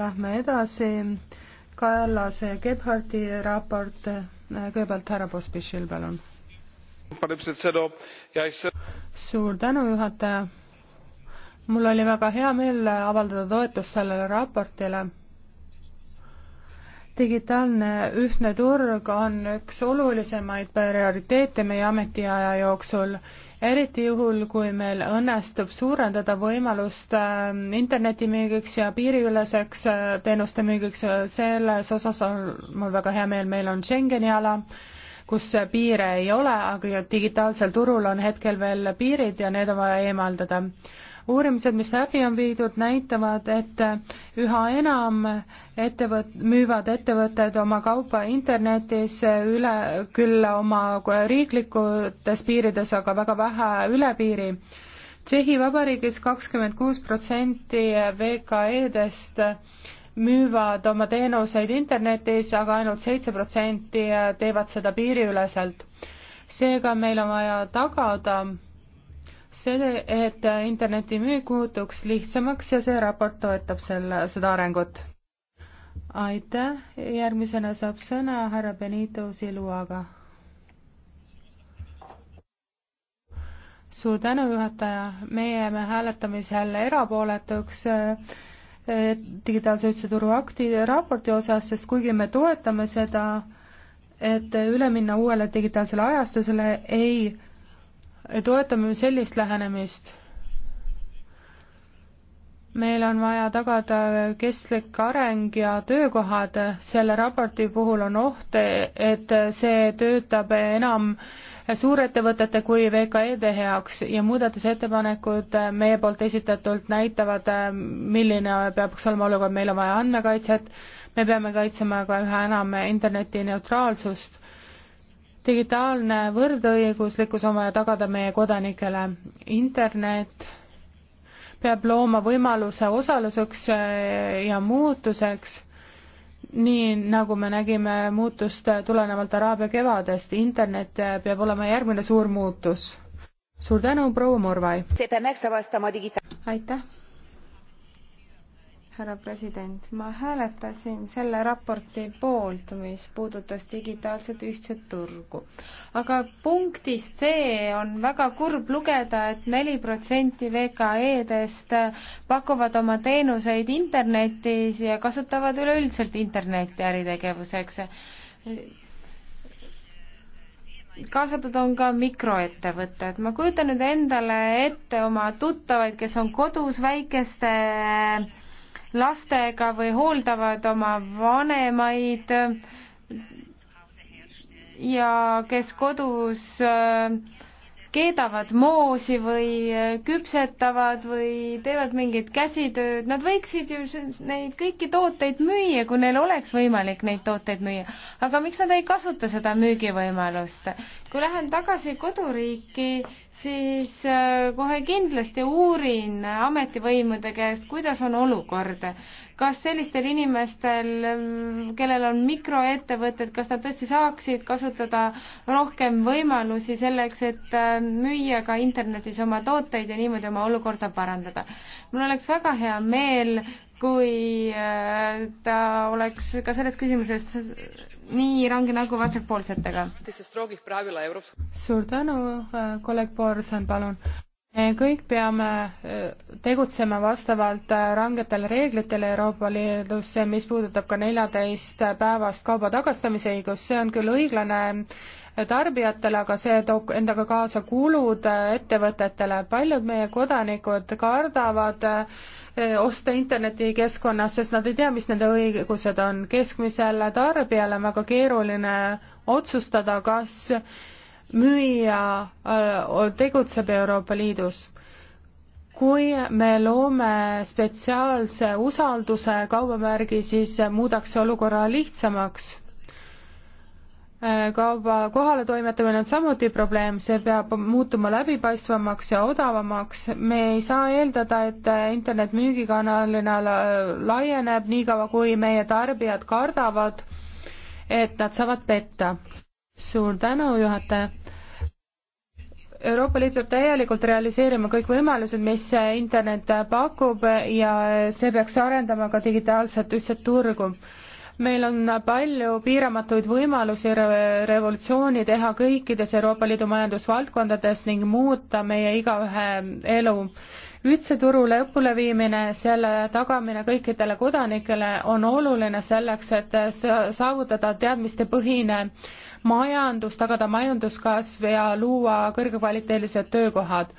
lähme edasi, Kallase Gebhardi raport, kõigepealt härra Pospišil, palun. suur tänu, juhataja mul oli väga hea meel avaldada toetust sellele raportile. digitaalne ühtne turg on üks olulisemaid prioriteete meie ametiaja jooksul, eriti juhul, kui meil õnnestub suurendada võimalust ähm, internetimüügiks ja piiriüleseks äh, teenuste müügiks, selles osas on mul väga hea meel, meil on Schengeni ala kus piire ei ole, aga digitaalsel turul on hetkel veel piirid ja need on vaja eemaldada uurimised, mis läbi on viidud, näitavad, et üha enam ettevõt-, müüvad ettevõtted oma kaupa internetis üle küll oma riiklikutes piirides, aga väga vähe üle piiri Tšehhi Vabariigis kakskümmend kuus protsenti VKE-dest müüvad oma teenuseid internetis, aga ainult seitse protsenti teevad seda piiriüleselt. seega meil on vaja tagada see, et interneti müük muutuks lihtsamaks ja see raport toetab selle, seda arengut. aitäh, järgmisena saab sõna härra Benito Siluaga. suur tänu, juhataja, me jääme hääletamisel erapooletuks eh, digitaalse ühtse turu akti raporti osas, sest kuigi me toetame seda, et üle minna uuele digitaalsele ajastusele, ei toetame sellist lähenemist. meil on vaja tagada kestlik areng ja töökohad, selle raporti puhul on oht, et see töötab enam suurettevõtete kui VKE-de heaks ja muudatusettepanekud meie poolt esitatult näitavad, milline peaks olema olukord, meil on vaja andmekaitset, me peame kaitsema ka üha enam interneti neutraalsust digitaalne võrdõiguslikkus on vaja tagada meie kodanikele. internet peab looma võimaluse osaluseks äh, ja muutuseks, nii nagu me nägime muutust tulenevalt Araabia kevadest. internet äh, peab olema järgmine suur muutus. suur tänu, proua Morvai! aitäh! härra president, ma hääletasin selle raporti poolt, mis puudutas digitaalset ühtset turgu. aga punktis C on väga kurb lugeda et, et neli protsenti VKE-dest pakuvad oma teenuseid internetis ja kasutavad üleüldiselt internetti äritegevuseks. kaasatud on ka mikroettevõtted. ma kujutan nüüd endale ette oma tuttavaid, kes on kodus väikeste lastega või hooldavad oma vanemaid ja kes kodus äh, keedavad moosi või äh, küpsetavad või teevad mingit käsitööd, nad võiksid ju neid kõiki tooteid müüa, kui neil oleks võimalik neid tooteid müüa. aga miks nad ei kasuta seda müügivõimalust? kui lähen tagasi koduriiki, siis äh, kohe kindlasti uurin ametivõimude käest, kuidas on olukord kas sellistel inimestel, kellel on mikroettevõtted, kas nad tõesti saaksid kasutada rohkem võimalusi selleks, et äh, müüa ka internetis oma tooteid ja niimoodi oma olukorda parandada? mul oleks väga hea meel, kui äh, ta oleks ka selles küsimuses nii range nagu vasakpoolsetega. suur tänu, äh, kolleeg Borson, palun me kõik peame äh, tegutsema vastavalt äh, rangetele reeglitele Euroopa Liidus, mis puudutab ka neljateist päevast kauba tagastamise õigust, see on küll õiglane äh, tarbijatele, aga see toob endaga kaasa kulud ettevõtetele. paljud meie kodanikud kardavad osta internetikeskkonnas, sest nad ei tea, mis nende õigused on. keskmisele tarbijale on väga keeruline otsustada, kas müüja äh, tegutseb Euroopa Liidus. kui me loome spetsiaalse usalduse kaubamärgi, siis muudaks see olukorra lihtsamaks äh, kauba kohaletoimetamine on samuti probleem, see peab muutuma läbipaistvamaks ja odavamaks. me ei saa eeldada, et internet müügikanalina laieneb niikaua, kui meie tarbijad kardavad, et nad saavad petta. suur tänu, juhataja. Euroopa Liit peab täielikult realiseerima kõik võimalused, mis internet pakub ja see peaks arendama ka digitaalset ühtset turgu. meil on palju piiramatuid võimalusi revolutsiooni teha kõikides Euroopa Liidu majandusvaldkondades ning muuta meie igaühe elu. ühtse turu lõpuleviimine, selle tagamine kõikidele kodanikele on oluline selleks, et saavutada teadmistepõhine majandus, tagada majanduskasv ja luua kõrgekvaliteedilised töökohad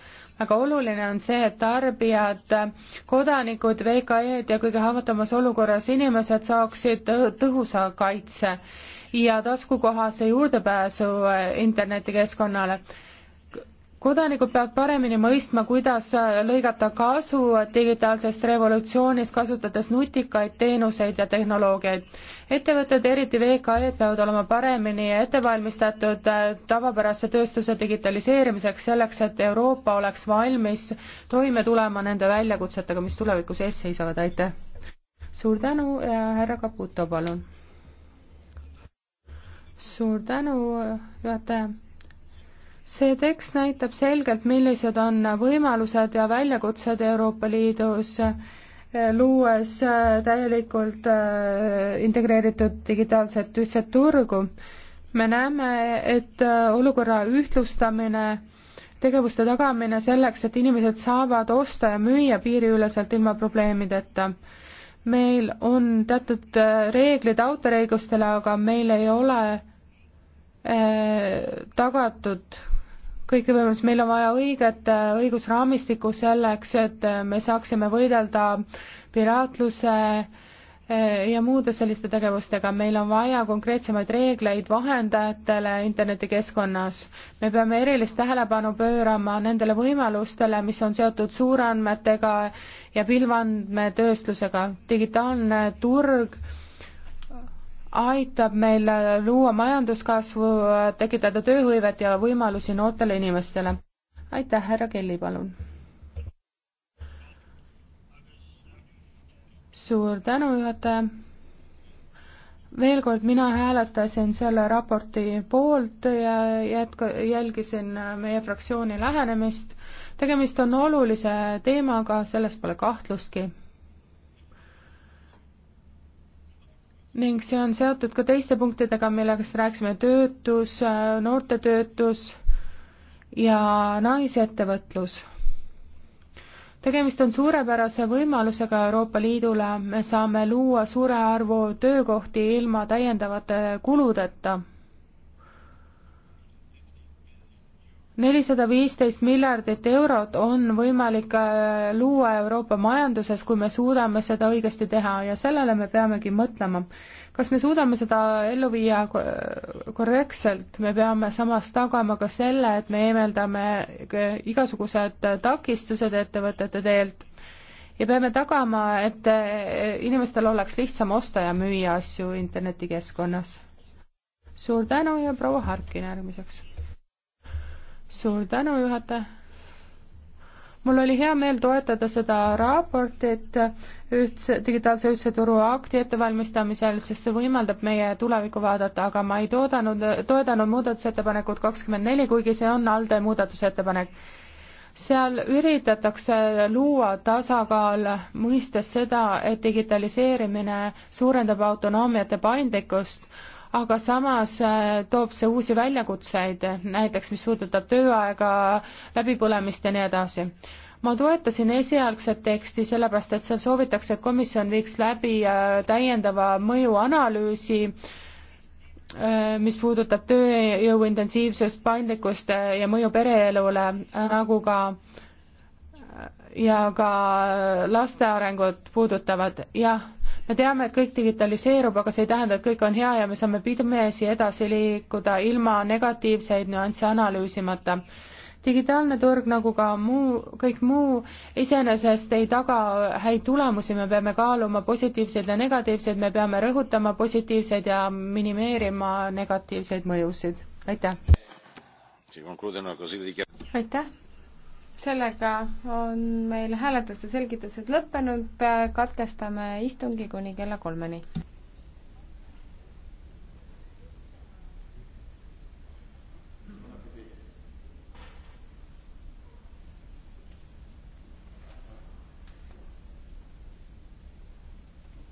aga oluline on see, et tarbijad, kodanikud, VKE-d ja kõige haavatavamas olukorras inimesed saaksid tõhusa kaitse ja taskukohase juurdepääsu internetikeskkonnale kodanikud peavad paremini mõistma, kuidas lõigata kasu digitaalsest revolutsioonist, kasutades nutikaid teenuseid ja tehnoloogiaid. ettevõtted, eriti VKE-d, peavad olema paremini ettevalmistatud äh, tavapärase tööstuse digitaliseerimiseks, selleks et Euroopa oleks valmis toime tulema nende väljakutsetega, mis tulevikus ees seisavad, aitäh! suur tänu ja äh, härra Caputo, palun! suur tänu, äh, juhataja! see tekst näitab selgelt, millised on võimalused ja väljakutsed Euroopa Liidus, eh, luues eh, täielikult eh, integreeritud digitaalset ühtset turgu. me näeme, et olukorra ühtlustamine, tegevuste tagamine selleks, et inimesed saavad osta ja müüa piiriüleselt ilma probleemideta meil on teatud reeglid autoriõigustele, aga meil ei ole tagatud kõigepealt meil on vaja õiget äh, õigusraamistikku selleks, et äh, me saaksime võidelda piraatluse äh, ja muude selliste tegevustega, meil on vaja konkreetsemaid reegleid vahendajatele internetikeskkonnas. me peame erilist tähelepanu pöörama nendele võimalustele, mis on seotud suurandmetega ja pilvandmetööstusega. digitaalne turg aitab meil luua majanduskasvu, tekitada tööhõivet ja võimalusi noortele inimestele. aitäh, härra Kelly, palun. suur tänu, juhataja. veel kord, mina hääletasin selle raporti poolt ja jätku-, jälgisin meie fraktsiooni lähenemist. tegemist on olulise teemaga, selles pole kahtlustki ning see on seotud ka teiste punktidega, millest rääkisime, töötus, noorte töötus ja naisettevõtlus. tegemist on suurepärase võimalusega Euroopa Liidule, me saame luua suure arvu töökohti ilma täiendavate kuludeta nelisada viisteist miljardit eurot on võimalik äh, luua Euroopa majanduses, kui me suudame seda õigesti teha ja sellele me peamegi mõtlema. kas me suudame seda ellu viia korrektselt, me peame samas tagama ka selle, et me eemaldame äh, igasugused takistused ettevõtete teelt ja peame tagama, et äh, inimestel oleks lihtsam osta ja müüa asju internetikeskkonnas. suur tänu ja proua Harkin järgmiseks suur tänu, juhataja. mul oli hea meel toetada seda raportit ühtse, digitaalse ühtse turu akti ettevalmistamisel, sest see võimaldab meie tulevikku vaadata, aga ma ei toodanud, toetanud muudatusettepanekut kakskümmend neli, kuigi see on ALDE muudatusettepanek. seal üritatakse luua tasakaal, mõistes seda, et digitaliseerimine suurendab autonoomiate paindlikkust aga samas äh, toob see uusi väljakutseid, näiteks mis puudutab tööaega, läbipõlemist ja nii edasi. ma toetasin esialgset teksti, sellepärast et seal soovitakse, et komisjon viiks läbi äh, täiendava mõjuanalüüsi, äh, mis puudutab tööjõu intensiivsust, paindlikkust ja mõju pereelule, nagu ka ja ka laste arengut puudutavad, jah me teame, et kõik digitaliseerub, aga see ei tähenda, et kõik on hea ja me saame pimesi edasi liikuda ilma negatiivseid nüansse analüüsimata digitaalne turg nagu ka muu, kõik muu iseenesest ei taga häid tulemusi, me peame kaaluma positiivseid ja negatiivseid, me peame rõhutama positiivseid ja minimeerima negatiivseid mõjusid. aitäh! aitäh! sellega on meil hääletuste selgitused lõppenud, katkestame istungi kuni kella kolmeni.